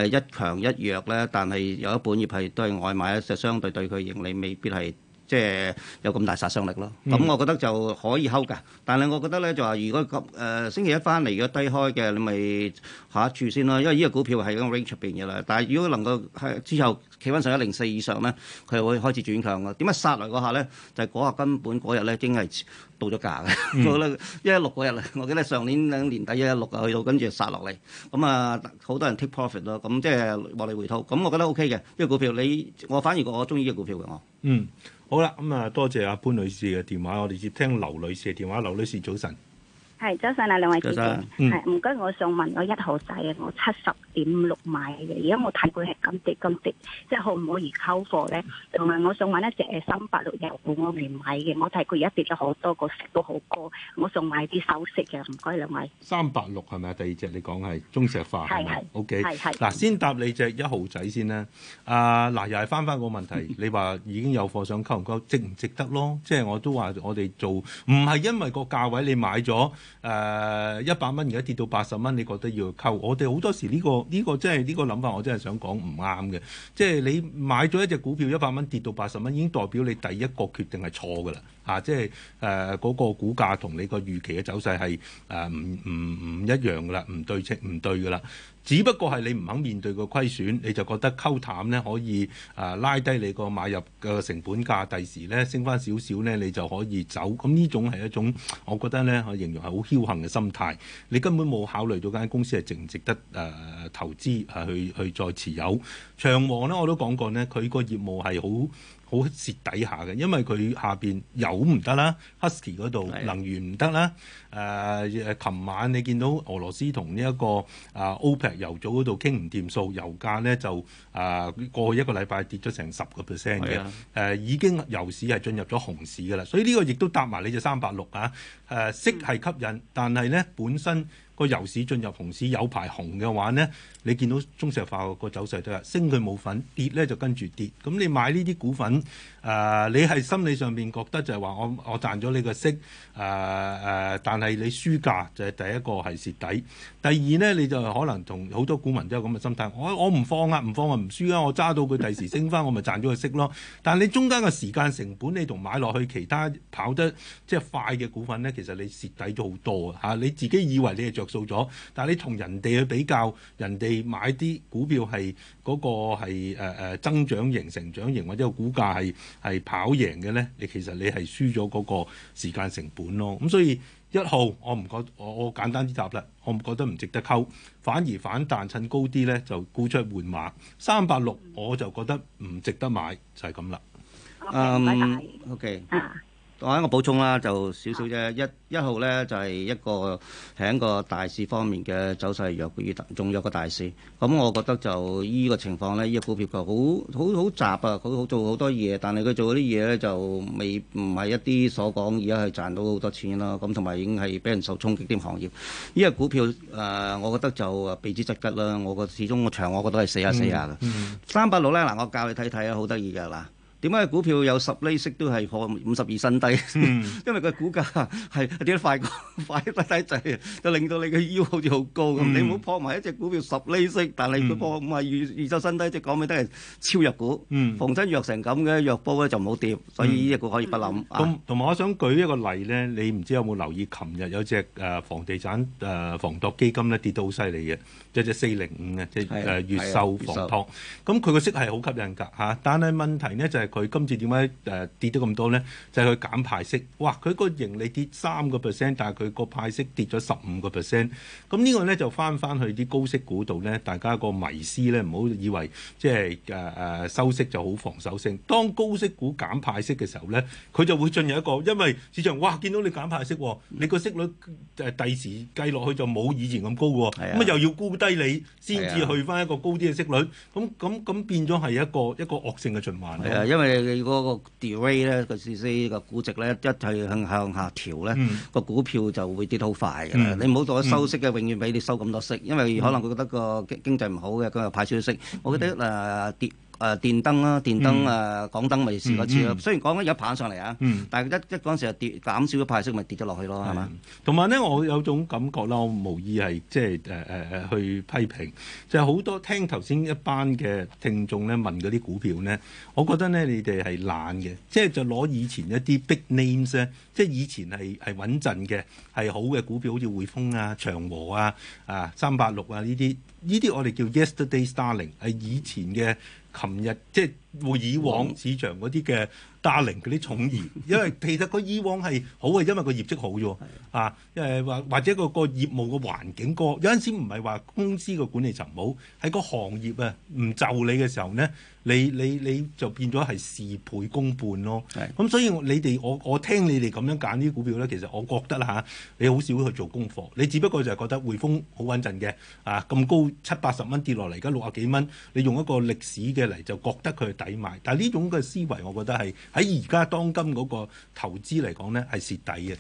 誒一強一弱咧，但係有一本業係都係外賣，就相對對佢盈利未必係即係有咁大殺傷力咯。咁我覺得就可以 hold 㗎。但係我覺得咧，就話如果咁誒星期一翻嚟如果低開嘅，你咪下一處先啦。因為呢個股票係咁 range 入邊嘅啦。但係如果能夠係之後，企穩上一零四以上咧，佢會開始轉強嘅。點解殺嚟嗰下咧？就係嗰下根本嗰日咧，已經係到咗價嘅。嗯、 我覺得一一六嗰日咧，我記得上年年底一一六啊，去到跟住就殺落嚟。咁、嗯、啊，好多人 take profit 咯。咁、嗯、即係獲利回吐。咁我覺得 O K 嘅，呢、呢個股票你我反而我中意呢個股票嘅我。嗯，好啦，咁、嗯、啊，多謝阿潘女士嘅電話，我哋接聽劉女士嘅電話。劉女士早晨！係，早晨啊，兩位姐姐，係唔該，我想問我一號仔，我七十點六買嘅，而家我睇佢係咁跌咁跌，即係可唔可以溝貨咧？同埋我想問一隻誒三八六嘢股，我未買嘅，我睇佢而家跌咗好多，個息都好高，我想買啲首飾嘅，唔該兩位。三八六係咪啊？第二隻你講係中石化係嘛？O K，嗱，先答你隻一號仔先啦。啊，嗱又係翻翻個問題，你話已經有貨想溝，唔溝值唔值得咯？即係我都話我哋做唔係因為個價位你買咗。誒一百蚊而家跌到八十蚊，你覺得要溝？我哋好多時呢、呢個呢、呢個即係呢個諗法，我真係想講唔啱嘅。即係你買咗一隻股票一百蚊跌到八十蚊，已經代表你第一個決定係錯㗎啦。啊，即係誒嗰個股價同你個預期嘅走勢係誒唔唔唔一樣㗎啦，唔對稱唔對㗎啦。只不過係你唔肯面對個虧損，你就覺得溝淡呢，可以誒、呃、拉低你個買入嘅成本價，第時呢升翻少少呢，你就可以走。咁、嗯、呢種係一種我覺得呢，我形容係好僥倖嘅心態。你根本冇考慮到間公司係值唔值得誒、呃、投資誒去去、去再持有。長和呢，我都講過呢，佢個業務係好。好蝕底下嘅，因為佢下邊油唔得啦，Husky 嗰度能源唔得啦。誒誒，琴、uh, 晚你見到俄羅斯同呢一個啊、uh, OPEC 油組嗰度傾唔掂數，油價呢就誒、uh, 過去一個禮拜跌咗成十個 percent 嘅，誒的、uh, 已經油市係進入咗熊市噶啦，所以呢個亦都搭埋你隻三百六啊，誒息係吸引，但係呢本身個油市進入熊市紅市有排紅嘅話呢，你見到中石化個走勢都係升佢冇份，跌呢就跟住跌，咁你買呢啲股份誒、啊，你係心理上面覺得就係話我我賺咗你個息誒誒、啊，但係係你輸價就係、是、第一個係蝕底，第二呢，你就可能同好多股民都有咁嘅心態，我我唔放啊，唔放啊，唔輸啊，我揸到佢第時升翻，我咪賺咗佢息咯。但係你中間嘅時間成本，你同買落去其他跑得即係快嘅股份呢，其實你蝕底咗好多啊！吓你自己以為你係着數咗，但係你同人哋去比較，人哋買啲股票係嗰個係誒誒增長型、成長型或者個股價係係跑贏嘅呢，你其實你係輸咗嗰個時間成本咯。咁、嗯、所以。一號，我唔覺得，我我簡單啲答啦，我唔覺得唔值得溝，反而反彈趁高啲呢，就沽出換碼，三百六我就覺得唔值得買就係咁啦。嗯，OK。我一個補充啦，就少少啫。一一號咧就係、是、一個喺個大市方面嘅走勢弱於仲弱個大市。咁我覺得就依個情況咧，呢、這個股票好好好雜啊，佢好做好多嘢，但係佢做嗰啲嘢咧就未唔係一啲所講而家係賺到好多錢咯。咁同埋已經係俾人受衝擊啲行業。呢、這個股票誒、呃，我覺得就啊避之則吉啦。我覺得始終我長，我覺得係死啊死啊啦。三百六咧，嗱、嗯，我教你睇睇啊，好得意嘅啦。點解股票有十厘息都係破五十二新低？因為佢股價係跌得快，個快得滯，就令到你嘅腰好似好高咁。你唔好破埋一隻股票十厘息，但係佢破五啊二二週新低，即係講緊都係超弱股。逢親弱成咁嘅弱波咧就唔好跌，所以呢隻股可以不諗。咁同埋我想舉一個例咧，你唔知有冇留意？琴日有隻誒房地產誒房託基金咧跌到好犀利嘅，就隻四零五啊，即係誒越秀房託。咁佢個息係好吸引㗎嚇，但係問題咧就係。佢今次點解誒跌得咁多咧？就係佢減派息，哇！佢個盈利跌三個 percent，但係佢個派息跌咗十五個 percent。咁呢個咧就翻返去啲高息股度咧，大家個迷思咧，唔好以為即係誒誒收息就好防守性。當高息股減派息嘅時候咧，佢就會進入一個，因為市場哇見到你減派息，你個息率誒第時計落去就冇以前咁高喎，咁又要沽低你先至去翻一個高啲嘅息率，咁咁咁變咗係一個一個惡性嘅循環。係啊，因為你嗰個 Drey 咧，個市市個股值咧，一去向向下調咧，個、嗯、股票就會跌好快嘅。嗯、你唔好當收息嘅，嗯、永遠畀你收咁多息，因為可能佢覺得個經經濟唔好嘅，佢又派少息。我覺得誒、嗯呃、跌。誒電燈啦，電燈誒、呃、港燈咪試過次咯。嗯嗯、雖然講緊有一棒上嚟啊，嗯、但係一一嗰陣時跌減少咗派息，咪跌咗落去咯，係嘛？同埋咧，我有種感覺啦，我無意係即係誒誒誒去批評，就係、是、好多聽頭先一班嘅聽眾咧問嗰啲股票咧，我覺得咧你哋係懶嘅，即係就攞、是、以前一啲 big names 咧，即係以前係係穩陣嘅係好嘅股票，好似匯豐啊、長和啊、啊三八六啊呢啲，呢啲我哋叫 yesterday's darling 係以前嘅。琴日即。會以往市場嗰啲嘅 Darling 嗰啲寵兒，因為其實佢以往係好嘅，因為個業績好啫喎。 啊，誒或或者個個業務個環境個，有陣時唔係話公司個管理層唔好，喺個行業啊唔就你嘅時候呢，你你你就變咗係事倍功半咯。咁是，所以你哋我我聽你哋咁樣揀啲股票咧，其實我覺得嚇、啊，你好少去做功課，你只不過就係覺得匯豐好穩陣嘅啊，咁高七八十蚊跌落嚟，而家六啊幾蚊，你用一個歷史嘅嚟就覺得佢抵買，但係呢種嘅思維，我覺得係喺而家當今嗰個投資嚟講咧，係蝕底嘅。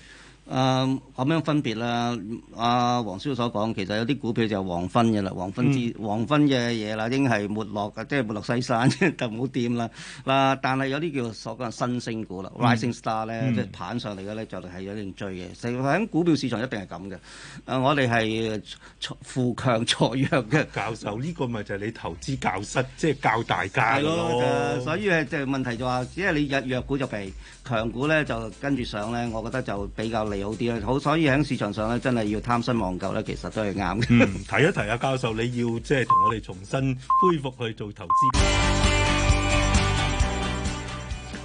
啊咁樣分別啦，阿、呃、黃超所講，其實有啲股票就黃昏嘅啦，黃昏之、嗯、黃昏嘅嘢啦，已經係沒落嘅，即、就、係、是、沒落西山就唔好掂啦。嗱，但係、呃、有啲叫所講新星股啦、嗯、，rising star 咧，即係彈上嚟嘅咧，就係、是、有啲追嘅。成日喺股票市場一定係咁嘅。啊、呃，我哋係扶強鋤弱嘅。教授呢、這個咪就係你投資教室，即、就、係、是、教大家咯，咯、呃。所以即係問題就話、是，因為你弱弱股就譬如強股咧就跟住上咧，我覺得就比較。好啲啦，好，所以喺市場上咧，真係要貪新忘舊咧，其實都係啱嘅。提一提啊，教授，你要即係同我哋重新恢復去做投資。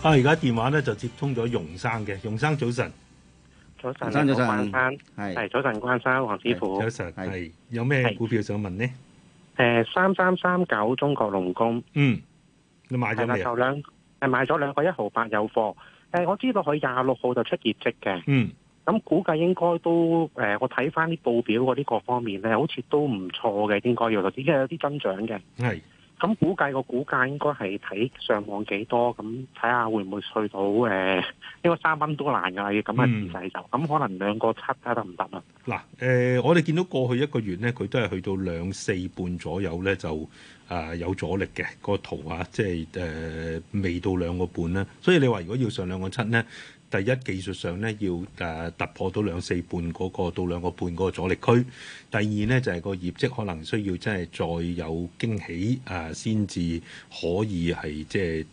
啊，而家電話咧就接通咗容生嘅，容生早晨，早晨，早晨，係早晨關生黃師傅，早晨係，有咩股票想問咧？誒，三三三九中國龍工，嗯，你買咗未？係買咗兩，買咗兩個一毫八有貨，誒，我知道佢廿六號就出業績嘅，嗯。咁估計應該都誒、呃，我睇翻啲報表嗰啲各方面咧，好似都唔錯嘅，應該要，而且有啲增長嘅。係是，咁估計個股價應該係睇上網幾多，咁睇下會唔會去到誒一、呃呢個三蚊都難㗎啦。咁啊唔使就，咁、嗯、可能兩個七睇得唔得啊？嗱、啊，誒、呃，我哋見到過去一個月咧，佢都係去到兩四半左右咧，就啊、呃、有阻力嘅、那個圖啊，即係誒、呃、未到兩個半啦。所以你話如果要上兩個七咧？第一，技術上咧，要誒、啊、突破到兩四半嗰個到兩個半嗰個阻力區。第二咧就係、是、個業績可能需要真係再有驚喜誒，先、啊、至可以係即係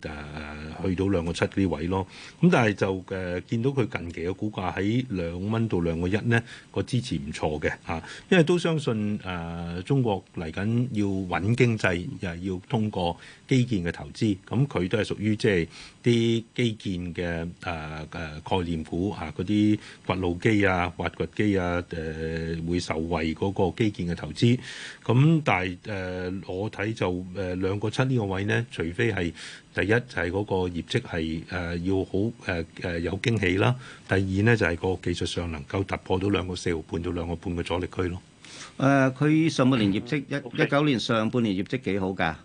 誒去到兩個七呢位咯。咁但係就誒、啊、見到佢近期嘅股價喺兩蚊到兩個一咧，個支持唔錯嘅嚇，因為都相信誒、啊、中國嚟緊要穩經濟又係、啊、要通過基建嘅投資，咁、啊、佢都係屬於即係啲基建嘅誒誒。啊啊概念股啊，嗰啲掘路機啊、挖掘機啊，誒、啊、會受惠嗰個基建嘅投資。咁、啊、但係誒、啊、我睇就誒、啊、兩個七呢個位呢，除非係第一就係嗰個業績係、啊、要好誒誒、啊啊、有驚喜啦。第二呢就係個技術上能夠突破到兩個四毫半到兩個半嘅阻力區咯。誒佢、啊、上半年業績，一一九年上半年業績幾好噶。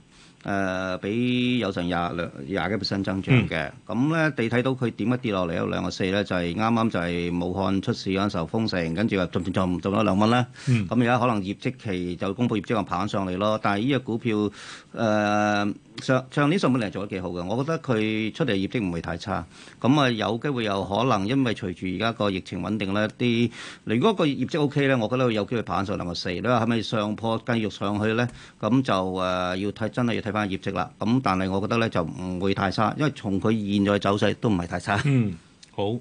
誒，俾、呃、有成廿兩廿幾 percent 增長嘅，咁咧地睇到佢點一跌落嚟，有兩個四咧，就係啱啱就係武漢出事嗰陣時候封城，跟住又浸浸浸浸咗兩蚊咧，咁而家可能業績期就公布業績又爬緊上嚟咯，但係呢隻股票誒。呃上上年上半年做得幾好嘅，我覺得佢出嚟業績唔會太差，咁啊有機會有可能，因為隨住而家個疫情穩定咧，啲如果個業績 OK 咧，我覺得會有機會爬上兩個四，你話係咪上破繼續上去咧？咁就誒、啊、要睇，真係要睇翻業績啦。咁但係我覺得咧就唔會太差，因為從佢現在走勢都唔係太差。嗯，好，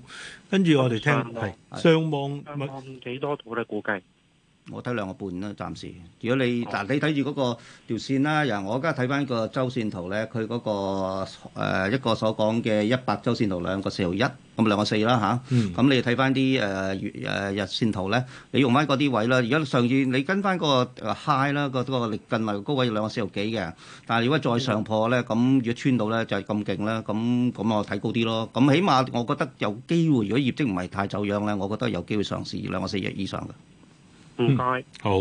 跟住我哋聽上望幾多度咧，估計？我睇兩個半啦，暫時。如果你嗱，哦、你睇住嗰個條線啦，又我而家睇翻個周線圖咧，佢嗰、那個、呃、一個所講嘅一百周線圖兩個四毫一，咁兩個四啦吓，咁、啊嗯、你睇翻啲誒月日線圖咧，你用翻嗰啲位啦。如果上次你跟翻嗰、那個 high 啦，個個力近排高位兩個四毫幾嘅。但係如果再上破咧，咁、嗯、如果穿到咧就係咁勁啦。咁咁我睇高啲咯。咁起碼我覺得有機會，如果業績唔係太走樣咧，我覺得有機會上市兩個四毫以上嘅。唔該、嗯，好。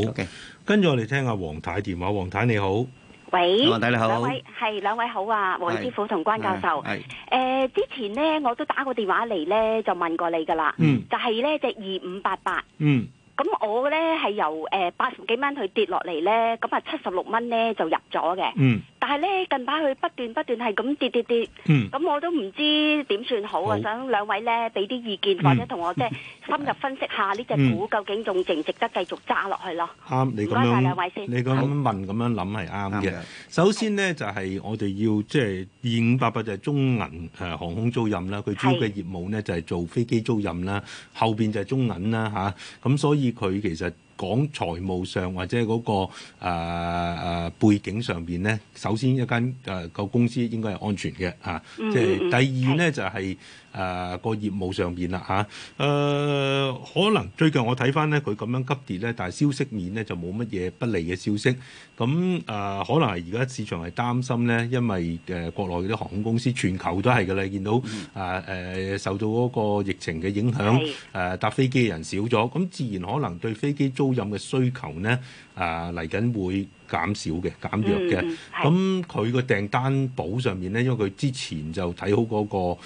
跟住 Okay. 我哋聽下黃太電話。黃太你好，喂，黃太你好，兩位係兩位好啊，黃師傅同關教授。係，誒、呃，之前呢，我都打過電話嚟呢，就問過你噶啦。嗯，就係呢隻二五八八。嗯。咁我咧係由誒八十幾蚊去跌落嚟咧，咁啊七十六蚊咧就入咗嘅。嗯。但係咧近排佢不斷不斷係咁跌跌跌。嗯。咁我都唔知點算好啊！好想兩位咧俾啲意見，嗯、或者同我即係深入分析下呢隻股、嗯、究竟仲值唔值得繼續揸落去咯？啱、嗯，你咁樣，你咁樣，樣問咁樣諗係啱嘅。嗯嗯、首先咧就係、是、我哋要即係二五八八就係中銀誒、呃、航空租賃啦，佢主要嘅業務咧就係、是、做飛機租賃啦，後邊就係中銀啦吓，咁所以。啊啊啊啊啊啊啊啊佢其實講財務上或者嗰、那個誒誒、呃、背景上邊咧，首先一間誒、呃那個公司應該係安全嘅嚇，即、啊、係、就是、第二咧、嗯嗯、就係、是。誒個業務上邊啦嚇誒，可能最近我睇翻咧，佢咁樣急跌咧，但係消息面咧就冇乜嘢不利嘅消息。咁誒，可能係而家市場係擔心咧，因為誒國內嗰啲航空公司全球都係嘅啦，見到誒誒受到嗰個疫情嘅影響，誒搭飛機嘅人少咗，咁自然可能對飛機租賃嘅需求咧誒嚟緊會。減少嘅，減弱嘅，咁佢個訂單簿上面咧，因為佢之前就睇好嗰、那個、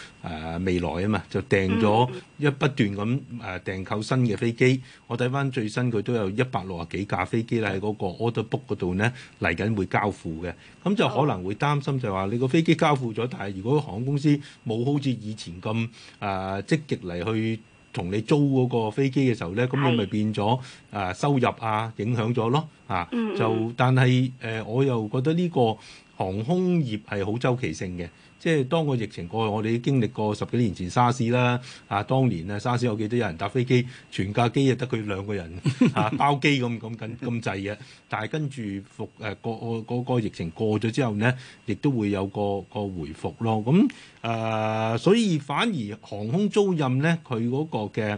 呃、未來啊嘛，就訂咗一不斷咁誒訂購新嘅飛機。我睇翻最新，佢都有一百六十幾架飛機啦，喺嗰個 order book 嗰度，咧嚟緊會交付嘅。咁就可能會擔心就話你個飛機交付咗，但係如果航空公司冇好似以前咁誒、呃、積極嚟去，同你租嗰個飛機嘅時候咧，咁你咪變咗誒收入啊影響咗咯啊，就但係誒、呃、我又覺得呢個航空業係好周期性嘅。即係當個疫情過去，我哋經歷過十幾年前沙士啦，啊當年啊沙士，我記得有人搭飛機，全架機啊得佢兩個人、啊、 包機咁咁緊咁滯嘅。 但係跟住復誒個個個疫情過咗之後咧，亦都會有個個回復咯。咁啊，所以反而航空租任航空租賃咧，佢嗰個嘅誒、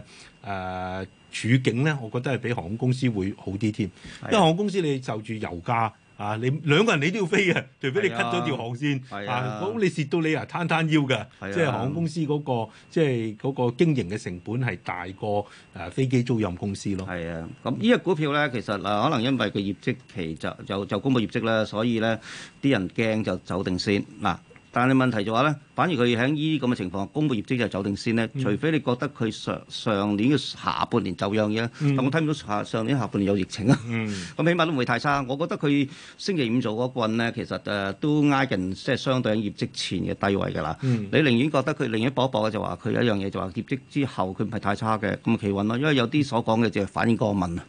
啊、處境咧，我覺得係比航空公司會好啲添。因為航空公司你受住油價。啊！你兩個人你都要飛嘅、啊，除非你 cut 咗條航線。係啊，咁、啊啊、你蝕到你啊，攤攤腰嘅，啊、即係航空公司嗰、那個即係嗰個經營嘅成本係大過誒飛機租賃公司咯。係啊，咁依隻股票咧，其實啊，可能因為佢業績期就就就公布業績啦，所以咧啲人驚就走定先嗱、啊。但係問題就話咧。反而佢喺依啲咁嘅情況，公布業績就走定先咧。除非你覺得佢上上年嘅下半年走樣嘅，但我睇唔到上上年下半年有疫情啊。咁起碼都唔會太差。我覺得佢星期五做嗰棍咧，其實誒都挨近即係相對喺業績前嘅低位㗎啦。你寧願覺得佢寧願搏一搏嘅，就話佢有一樣嘢就話業績之後佢唔係太差嘅，咁企穩咯。因為有啲所講嘅就係反應過敏啊。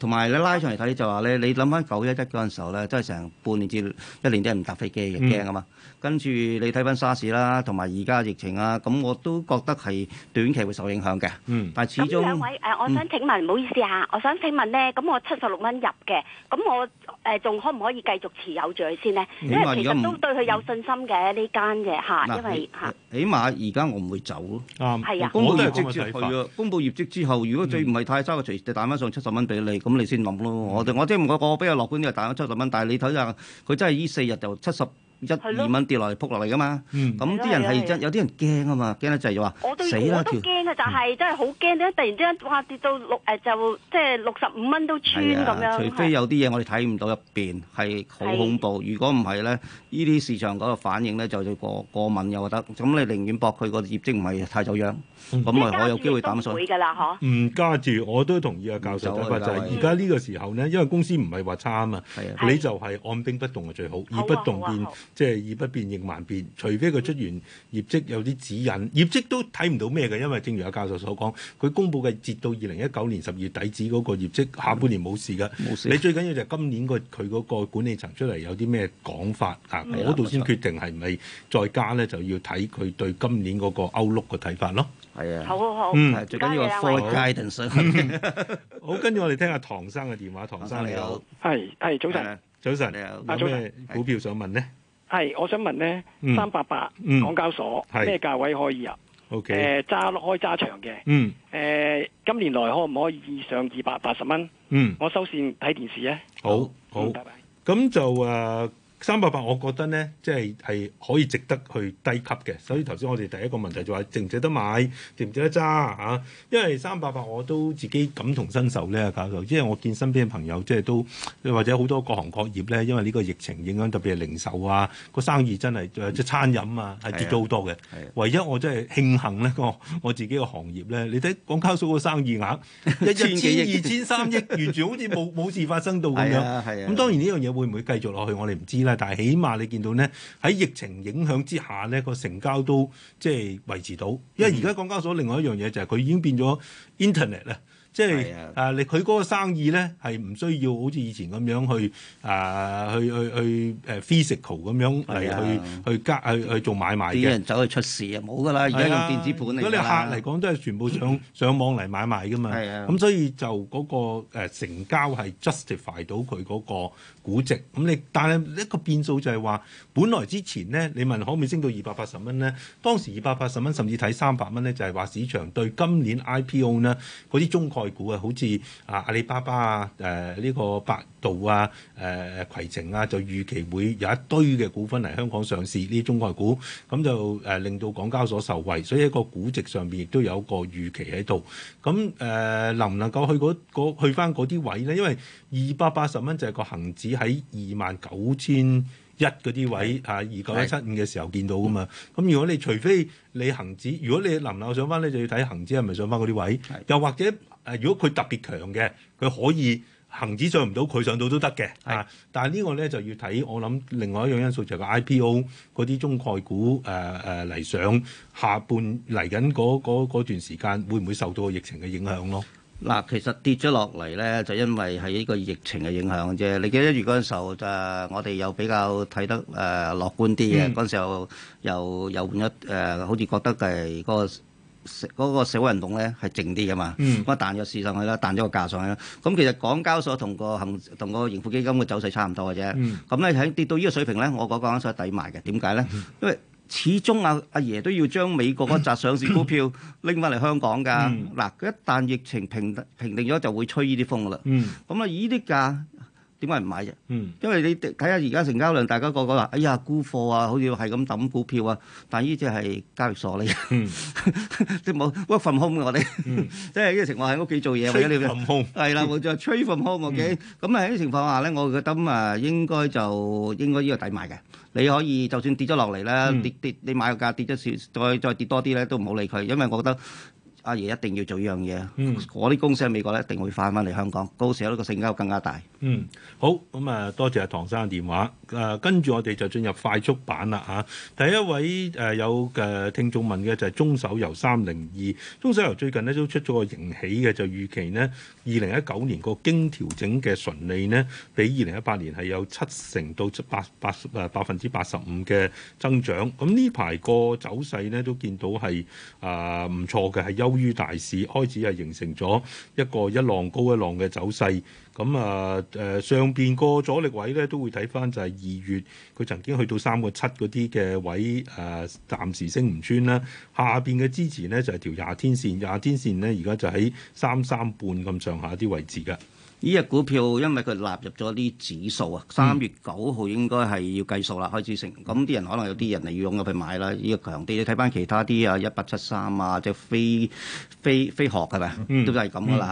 同埋你拉上嚟睇就話咧，你諗翻九一一嗰陣時候咧，真係成半年至一年都係唔搭飛機嘅，驚啊嘛。跟住你睇翻沙士啦。啊，同埋而家疫情啊，咁我都覺得係短期會受影響嘅。嗯，但係始終咁兩位誒，我想請問，唔好意思啊，我想請問咧，咁我七十六蚊入嘅，咁我誒仲可唔可以繼續持有住佢先咧？因為其實都對佢有信心嘅呢間嘅嚇，因為嚇。起碼而家我唔會走咯。啱，係啊，我都係直接去啊，公布業績之後，如果最唔係太差嘅，隨時就彈翻上七十蚊俾你，咁你先諗咯。我哋我即係我比較樂觀啲，就打翻七十蚊。但係你睇下，佢真係呢四日就七十一二蚊跌落嚟，撲落嚟噶嘛？咁啲人係真有啲人驚啊嘛，驚得滯又話死啦！條都驚嘅，就係真係好驚。突然之間，哇，跌到六誒，就即係六十五蚊都穿咁樣。除非有啲嘢我哋睇唔到入邊係好恐怖，如果唔係咧，呢啲市場嗰個反應咧就過過敏又覺得。咁你寧願搏佢個業績唔係太走樣，咁咪我有機會減水。唔加住，我都同意啊，教授。因為而家呢個時候呢，因為公司唔係話差啊嘛，你就係按兵不動係最好，以不動變。即係以不變應萬變，除非佢出完業績有啲指引，業績都睇唔到咩嘅。因為正如阿教授所講，佢公布嘅截到二零一九年十月底止嗰個業績，下半年冇事噶。冇事。你最緊要就係今年個佢嗰個管理層出嚟有啲咩講法啊？我度先決定係咪再加咧，就要睇佢對今年嗰個歐陸嘅睇法咯。係啊。好好好，最緊要係 forward guidance 好，跟住我哋聽下唐生嘅電話。唐生你好。係係，早晨早晨。有咩股票想問咧？係我想問咧，嗯、三八八，港交所咩價位可以入？ok，誒揸開揸長嘅，嗯，誒、呃，今年來可唔可以上二百八十蚊？嗯，我收線睇電視啊。好，好，好拜拜。咁就誒。呃三百八，我覺得咧，即係係可以值得去低級嘅。所以頭先我哋第一個問題就話，值唔值得買，值唔值得揸吓？因為三百八我都自己感同身受咧，教授，即係我見身邊嘅朋友即係都或者好多各行各業咧，因為呢個疫情影響，特別係零售啊，個生意真係即係餐飲啊，係跌咗好多嘅。唯一我真係慶幸咧個我自己嘅行業咧，你睇港交所個生意額日日千二千三億，完全好似冇冇事發生到咁樣。係啊係啊。咁當然呢樣嘢會唔會繼續落去，我哋唔知啦。但係，起碼你見到咧，喺疫情影響之下咧，個成交都即係維持到，因為而家港交所另外一樣嘢就係佢已經變咗 Internet 啦。即係誒你佢嗰個生意咧係唔需要好似以前咁樣去誒、啊、去去去誒 physical 咁樣嚟去去加去、啊、去做買賣嘅。人走去出事啊，冇噶啦！而家用電子盤嚟。如果你客嚟講都係全部上 上網嚟買賣噶嘛。咁、啊嗯、所以就嗰個誒成交係 justify 到佢嗰個估值。咁你但係一個變數就係話本來之前咧，你問可唔可以升到二百八十蚊咧？當時二百八十蚊，甚至睇三百蚊咧，就係、是、話市場對今年 IPO 咧嗰啲中概。外股啊，好似啊阿里巴巴啊，誒、呃、呢、這個百度啊，誒、呃、攜程啊，就預期會有一堆嘅股份嚟香港上市呢啲中概股，咁就誒令到港交所受惠，所以個估值上邊亦都有個預期喺度。咁、嗯、誒、呃、能唔能夠去、那個、去翻嗰啲位咧？因為二百八十蚊就係個恒指喺二萬九千一嗰啲位的啊，二九一七五嘅時候見到噶嘛。咁的如果你除非你恒指，如果你能唔能夠上翻，你就要睇恒指係咪上翻嗰啲位,的位，又或者？誒，如果佢特別強嘅，佢可以恆指上唔到，佢上到都得嘅。是啊，但係呢個咧就要睇，我諗另外一樣因素就係、是、個 IPO 嗰啲中概股誒誒嚟上下半嚟緊嗰段時間會唔會受到疫情嘅影響咯？嗱，其實跌咗落嚟咧，就因為係呢個疫情嘅影響啫。你記得一月嗰陣時候，誒我哋有比較睇得誒樂、呃、觀啲嘅，嗰陣、嗯、時候又又換一誒、呃，好似覺得係嗰、那個嗰個小運動咧係靜啲嘅嘛，咁一、嗯、彈咗市上去啦，彈咗個價上去啦。咁其實港交所同個行同個盈富基金嘅走勢差唔多嘅啫。咁咧喺跌到呢個水平咧，我嗰間所抵埋嘅。點解咧？因為始終阿、啊、阿爺都要將美國嗰扎上市股票拎翻嚟香港㗎。嗱、嗯，佢一旦疫情平平定咗，就會吹、嗯、呢啲風㗎啦。咁啊，呢啲價。點解唔買啫？因為你睇下而家成交量，大家個個話：哎呀，沽貨啊，好似係咁抌股票啊！但呢隻係交易所嚟嘅，即冇 work from home 嘅我哋，即係呢個情況喺屋企做嘢或者你係啦，冇錯，trade from home, okay。咁啊喺呢個情況下咧，我覺得啊應該就應該呢個抵買嘅。你可以就算跌咗落嚟啦，跌跌你買個價跌咗少，再再跌多啲咧都唔好理佢，因為我覺得。阿爺一定要做呢樣嘢，嗯、我啲公司喺美國咧一定會翻翻嚟香港，嗰時呢個成交更加大。嗯，好，咁、嗯、啊，多謝阿唐生嘅電話。誒、啊，跟住我哋就進入快速版啦嚇、啊。第一位誒、啊、有誒、啊、聽眾問嘅就係中手遊三零二，中手遊最近呢都出咗個盈喜嘅，就預期呢。二零一九年個經調整嘅純利呢，比二零一八年係有七成到八八誒百分之八十五嘅增長。咁呢排個走勢呢，都見到係誒唔錯嘅，係、啊、優於大市開始係形成咗一個一浪高一浪嘅走勢，咁啊誒上邊個阻力位咧都會睇返就係二月佢曾經去到三個七嗰啲嘅位，誒暫、呃、時升唔穿啦，下邊嘅支持呢，就係條廿天線，廿天線呢，而家就喺三三半咁上下啲位置嘅。呢隻股票因為佢納入咗啲指數啊，三月九號應該係要計數啦，嗯、開始升。咁啲人可能有啲人嚟要湧入去買啦，呢個強啲。你睇翻其他啲啊，一八七三啊，即係飛飛飛鶴係咪？嗯、都係咁噶啦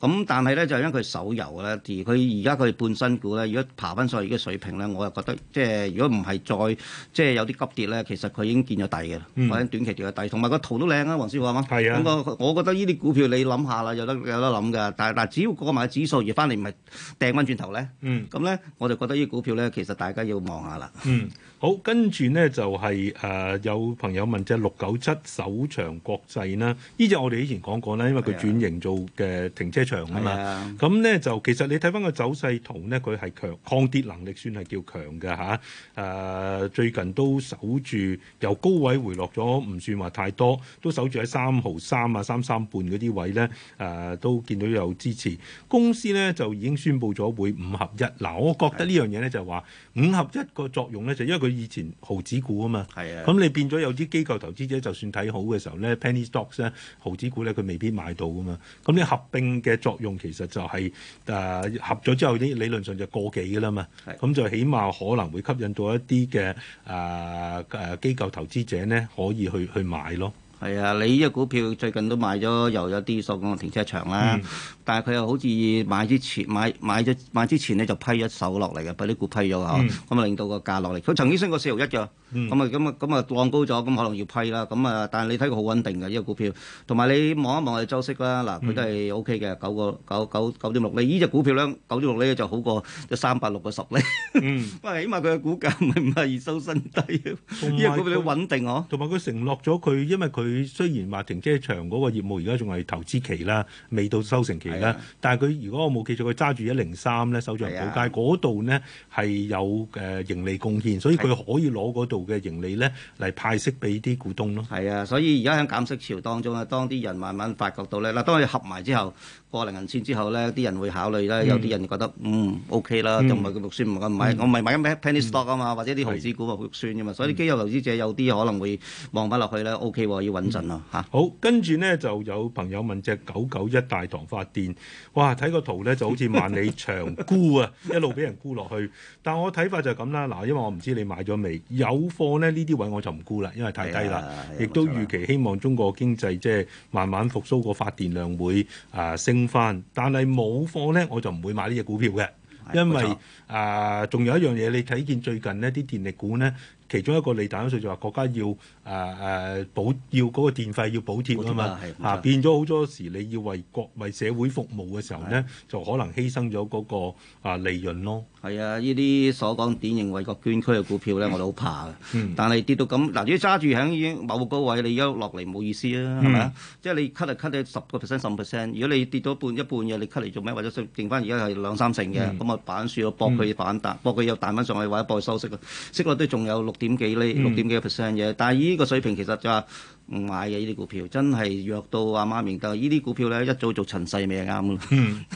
嚇。咁、嗯啊、但係咧就係、因為佢係手遊咧，而佢而家佢半新股咧。如果爬翻上去嘅水平咧，我又覺得即係如果唔係再即係有啲急跌咧，其實佢已經見咗底嘅啦。嗯、或者短期跌咗底，同埋個圖都靚啊，黃師傅係嘛？係啊。咁我、那個、我覺得呢啲股票你諗下啦，有得有得諗㗎。但係但係只要過埋指數。翻嚟唔係掟翻轉頭咧，嗯，咁咧我就覺得呢啲股票咧，其實大家要望下啦。嗯。好，跟住呢就係、是、誒、呃、有朋友問即係六九七首長國際啦，呢隻我哋以前講過啦，因為佢轉型做嘅停車場啊嘛。咁 Yeah. 呢就其實你睇返個走勢圖呢，佢係強抗跌能力算係叫強嘅吓，誒、啊、最近都守住由高位回落咗，唔算話太多，都守住喺三毫三啊、三三半嗰啲位呢。誒、呃、都見到有支持公司呢，就已經宣布咗會五合一。嗱、呃，我覺得呢樣嘢呢，就係話五合一個作用呢，就是、因為佢。以前毫子股啊嘛，咁的你變咗有啲機構投資者就算睇好嘅時候咧，penny stocks 咧毫子股咧佢未必買到噶嘛，咁你合併嘅作用其實就係、是、誒、呃、合咗之後咧理論上就個幾噶啦嘛，咁的就起碼可能會吸引到一啲嘅誒誒機構投資者咧可以去去買咯。係啊，你依隻股票最近都買咗，又有啲所講嘅停車場啦。但係佢又好似買之前買買咗買之前咧就批一手落嚟嘅，畀啲股批咗吓，咁啊令到個價落嚟。佢曾經升過四毫一嘅，咁啊咁啊咁啊，浪高咗，咁可能要批啦。咁啊，但係你睇佢好穩定嘅依隻股票。同埋你望一望係周息啦，嗱佢都係 O K 嘅，九個九九九點六。你依隻股票咧九點六厘就好過啲三百六個十釐。起碼佢嘅股價唔係唔係越收越低，依個股票佢穩定哦。同埋佢承諾咗佢，因為佢。佢雖然話停車場嗰個業務而家仲係投資期啦，未到收成期啦。啊、但係佢如果我冇記錯，佢揸住一零三咧收著寶街嗰度，啊、呢，係有誒盈利貢獻，所以佢可以攞嗰度嘅盈利咧嚟派息俾啲股東咯。係啊，所以而家喺減息潮當中啊，當啲人慢慢發覺到咧，嗱，當佢合埋之後。過嚟銀線之後咧，啲人會考慮咧。有啲人覺得嗯 OK 啦，就唔係個肉酸唔係。我唔係買緊咩 Penny Stock 啊嘛，或者啲投資股啊肉酸嘅嘛。所以啲機構投資者有啲可能會望翻落去咧。OK 喎，要穩陣咯嚇。好，跟住咧就有朋友問隻九九一大唐發電，哇！睇個圖咧就好似萬里長沽啊，一路俾人沽落去。但我睇法就係咁啦。嗱，因為我唔知你買咗未？有貨咧呢啲位我就唔沽啦，因為太低啦。係係係。亦都預期希望中國經濟即係慢慢復甦，個發電量會啊升翻，但係冇貨咧，我就唔會買呢隻股票嘅，因為誒仲、呃、有一樣嘢你睇見最近呢啲電力股咧。其中一個利淡嗰個稅就話國家要誒誒補要嗰個電費要補貼啊嘛嚇，變咗好多時你要為國為社會服務嘅時候呢，的就可能犧牲咗嗰個啊利潤咯。係啊，呢啲所講典型為國捐軀嘅股票呢，我都好怕、嗯、但係跌到咁嗱、啊，如果揸住喺某個位，你而家落嚟冇意思啊，係咪啊？嗯、即係你 cut 啊 cut 啊十個 percent 十五 percent，如果你跌到半一半嘅，你 cut 嚟做咩？或者剩剩翻而家係兩三成嘅，咁、嗯、啊板樹啊搏佢板彈，搏佢、嗯嗯嗯、有彈翻上去或者搏佢收息啊。息都仲有六。六點幾呢？六點幾 percent 嘅，但係依個水平其實就話唔買嘅依啲股票，真係弱到阿媽明得。依啲股票咧，一早做陳世美係啱嘅。嗯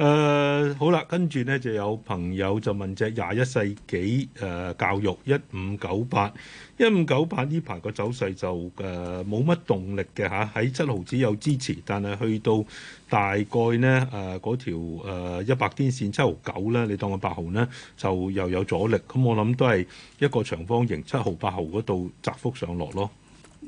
誒、uh, 好啦，跟住呢就有朋友就問隻廿一世紀誒、uh, 教育一五九八一五九八，呢排個走勢就誒冇乜動力嘅嚇，喺、uh, 七毫子有支持，但係去到大概呢誒嗰、uh, 條一百、uh, 天線七毫九咧，你當個八毫呢，就又有阻力，咁我諗都係一個長方形七毫八毫嗰度窄幅上落咯。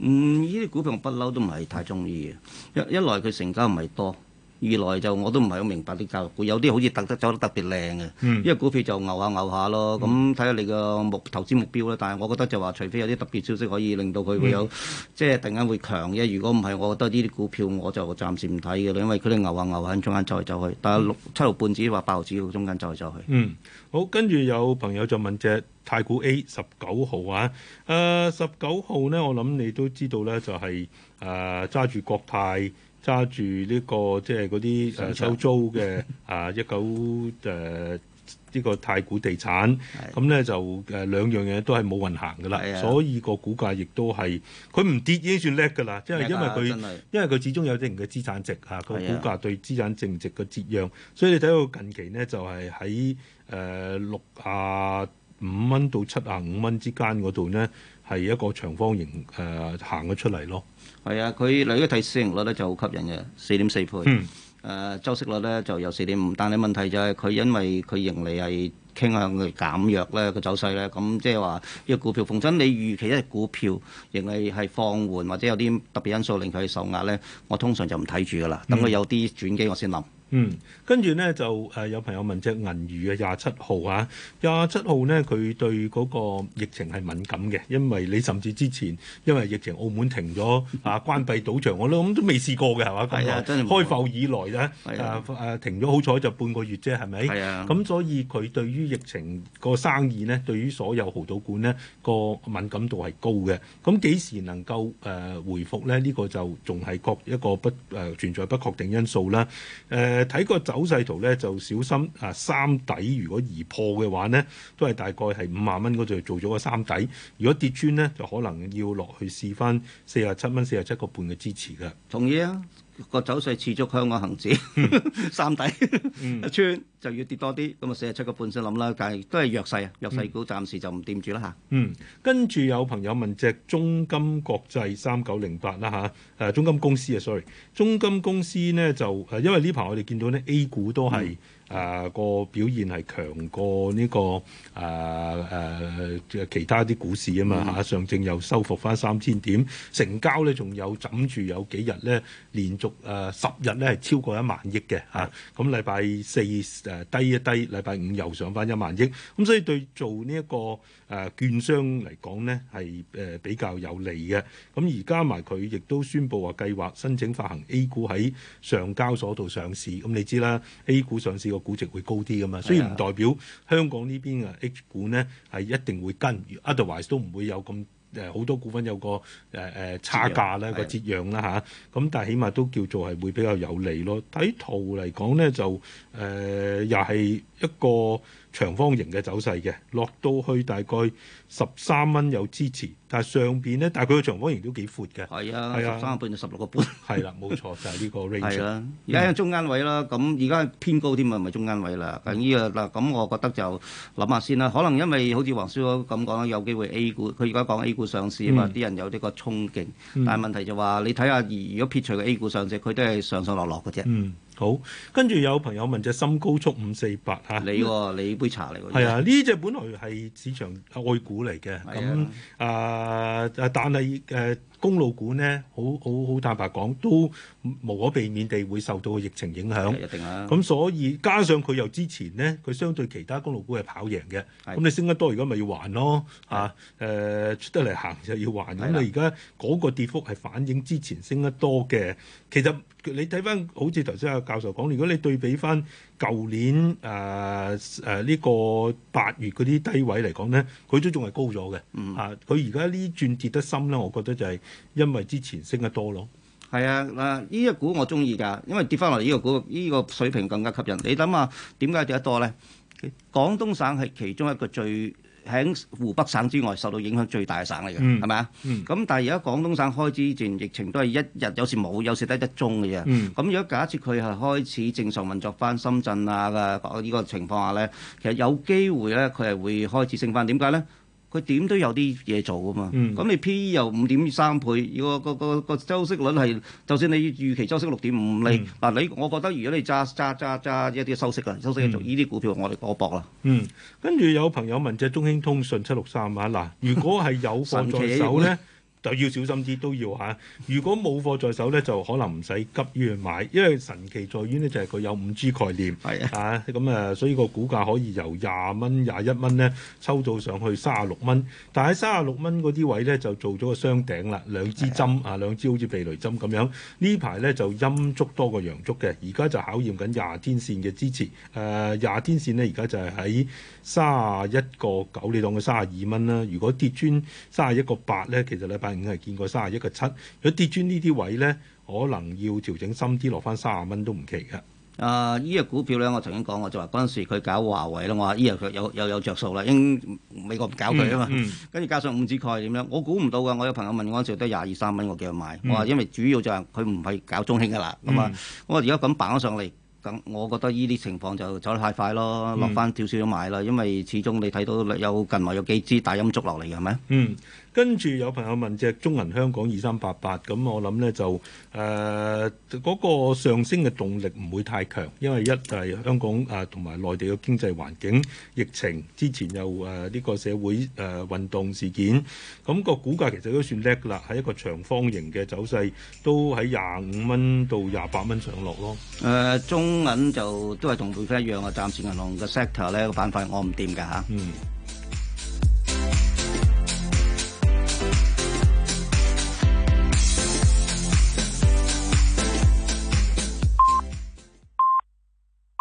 嗯，呢啲股票我不嬲都唔係太中意嘅，一來佢成交唔係多。二來就我都唔係好明白啲，教育股，有啲好似特得走得特別靚嘅，嗯、因為股票就牛下牛下咯。咁睇下你個目、嗯、投資目標啦。但係我覺得就話，除非有啲特別消息可以令到佢會有，嗯、即係突然間會強嘅。如果唔係，我覺得呢啲股票我就暫時唔睇嘅啦，因為佢哋牛下牛下喺中間走嚟走去。但係六七毫半子或八毫子喺中間走嚟走去。嗯，好。跟住有朋友就問隻太古 A 十九號啊。誒、呃，十九號呢，我諗你都知道呢、就是，就係誒揸住國泰。揸住呢個即係嗰啲收租嘅啊，一九誒呢個太古地產，咁咧 就誒兩、呃、樣嘢都係冇運行㗎啦，的所以個股價亦都係佢唔跌已經算叻㗎啦，即係因為佢因為佢始終有一定嘅資產值啊，個股價對資產淨值嘅折讓，的所以你睇到近期呢，就係喺誒六啊五蚊到七啊五蚊之間嗰度呢，係一個長方形誒、呃、行咗出嚟咯。係啊，佢嚟緊睇市盈率咧就好吸引嘅，四點四倍。誒、嗯呃，周息率咧就有四點五，但係問題就係佢因為佢盈利係傾向嘅減弱咧個走勢咧，咁即係話呢個股票逢親，你預期一隻股票盈利係放緩或者有啲特別因素令佢受壓咧，我通常就唔睇住㗎啦，嗯、等佢有啲轉機我先諗。嗯，跟住咧就誒、呃、有朋友問隻銀娛嘅廿七號啊，廿七號呢，佢對嗰個疫情係敏感嘅，因為你甚至之前因為疫情澳門停咗啊關閉賭場， 我諗都未試過嘅係嘛？係啊，真係冇開埠以來咧誒誒停咗，好彩就半個月啫，係咪？係啊，咁所以佢對於疫情個生意呢，對於所有豪賭館呢個敏感度係高嘅。咁幾時能夠誒回復呢？呢、呃呃呃、個就仲係確一個不誒存在不確定因素啦，誒、呃嗯。嗯睇個走勢圖咧，就小心啊！三底如果移破嘅話咧，都係大概係五萬蚊嗰度做咗個三底。如果跌穿咧，就可能要落去試翻四十七蚊、四十七個半嘅支持㗎。同意啊！個走勢似足香港恒指、嗯、三底一穿、嗯啊、就要跌多啲，咁啊四十七個半先諗啦。但係都係弱勢啊，弱勢股暫時就唔掂住啦嚇。嗯，跟住有朋友問隻中金國際三九零八啦嚇，誒中金公司啊，sorry，中金公司呢就誒、啊，因為呢排我哋見到呢 A 股都係。嗯誒個、呃、表現係強過呢、這個誒誒、呃呃、其他啲股市啊嘛嚇，上證又收復翻三千點，成交咧仲有枕住有幾日咧連續誒十日咧係超過一萬億嘅嚇。咁禮拜四誒、呃、低一低，禮拜五又上翻一萬億。咁所以對做呢一個誒券商嚟講呢，係誒比較有利嘅。咁而加埋佢亦都宣布話計劃申請發行 A 股喺上交所度上市。咁、嗯、你知啦，A 股上市估值會高啲噶嘛，所以唔代表香港呢邊嘅 H 股咧係一定會跟，Otherwise 都唔會有咁誒好多股份有個誒誒、呃、差價咧仰個折讓啦吓。咁是的、啊、但係起碼都叫做係會比較有利咯。睇圖嚟講咧、嗯、就誒、呃、又係一個。長方形嘅走勢嘅，落到去大概十三蚊有支持，但係上邊咧，但係佢個長方形都幾闊嘅。係啊，係啊，十三個半到十六個半。係 啦、啊，冇錯就係、是、呢個 range。係啦、啊，而家喺中間位啦，咁而家偏高添啊，咪唔係中間位啦。咁依個嗱，咁、嗯、我覺得就諗下先啦。可能因為好似黃師哥咁講啦，有機會 A 股，佢而家講 A 股上市啊嘛，啲、嗯、人有呢個憧憬。嗯、但係問題就話，你睇下，如果撇除個 A 股上市，佢都係上上落落嘅啫。嗯。好，跟住有朋友問，隻深高速五四八吓，你、啊、你杯茶嚟喎，係啊，呢隻 本來係市場愛股嚟嘅，咁啊，呃、但係。誒、呃。公路股咧，好好好坦白講都無可避免地會受到疫情影響。一定啊！咁所以加上佢又之前咧，佢相對其他公路股係跑贏嘅。咁的你升得多，而家咪要還咯吓，誒的、啊呃、出得嚟行就要還。咁的你而家嗰個跌幅係反映之前升得多嘅。其實你睇翻好似頭先阿教授講，如果你對比翻。舊年誒誒呢個八月嗰啲低位嚟講咧，佢都仲係高咗嘅。啊，佢而家呢轉、嗯啊、跌得深咧，我覺得就係因為之前升得多咯。係啊，嗱、啊，呢一股我中意㗎，因為跌翻落嚟呢個股，呢、呢個水平更加吸引。你諗下，點解跌得多咧？廣東省係其中一個最。喺湖北省之外受到影響最大嘅省嚟嘅，係咪啊？咁吧、嗯嗯、但係而家廣東省開始之前疫情都係一日有時冇，有時得一宗嘅啫。咁如果假設佢係開始正常運作翻深圳啊，啊呢個情況下咧，其實有機會咧，佢係會開始升翻。點解咧？佢點都有啲嘢做㗎嘛，咁你 P/E 又五點三倍，個個個個收息率係，就算你預期收息六點五厘，你嗱你，我覺得如果你揸揸揸揸一啲收息嘅收息嘅做，呢啲股票我哋我搏啦。嗯，跟住有朋友問隻中興通訊七六三啊，嗱，如果係有放住手咧，就要小心啲，都要吓、啊。如果冇貨在手咧，就可能唔使急於去買，因為神奇在於呢，就係佢有五 G 概念，係的啊，咁、嗯、啊，所以個股價可以由廿蚊、廿一蚊咧抽到上去三十六蚊。但係喺三十六蚊嗰啲位咧就做咗個雙頂啦，兩支針的啊，兩支好似避雷針咁樣。呢排咧就陰燭多過陽燭嘅，而家就考驗緊廿天線嘅支持。誒、呃，廿天線呢，而家就係喺三十一個九，你當佢三十二蚊啦。如果跌穿三十一個八咧，其實禮拜。我係見過三十一個七，如果跌穿呢啲位咧，可能要調整深啲，落翻三十蚊都唔奇噶。啊，依、這、隻、個、股票咧，我曾經講過，我就話嗰陣時佢搞華為啦，我話依又佢有又有，有，有着數啦，應美國唔搞佢啊嘛。跟住、嗯嗯、加上五指概點樣，我估唔到噶。我有朋友問我嗰時，得廿二三蚊，我叫佢買，嗯、我話因為主要就係佢唔係搞中興噶啦，咁啊，我而家咁擺咗上嚟，咁我覺得依啲情況就走得太快咯，落翻調少少買啦，因為始終你睇到有近來有幾支大陰燭落嚟嘅，係咪？嗯。跟住有朋友問隻中銀香港二三八八，咁我諗咧就誒嗰、呃那個上升嘅動力唔會太強，因為一係香港啊同埋內地嘅經濟環境、疫情之前又誒呢、呃這個社會誒運、呃、動事件，咁、嗯那個股價其實都算叻啦，喺一個長方形嘅走勢，都喺廿五蚊到廿八蚊上落咯。誒、呃、中銀就都係同貝飛一樣啊，暫時銀行嘅 sector 咧、那個板塊我唔掂㗎嚇。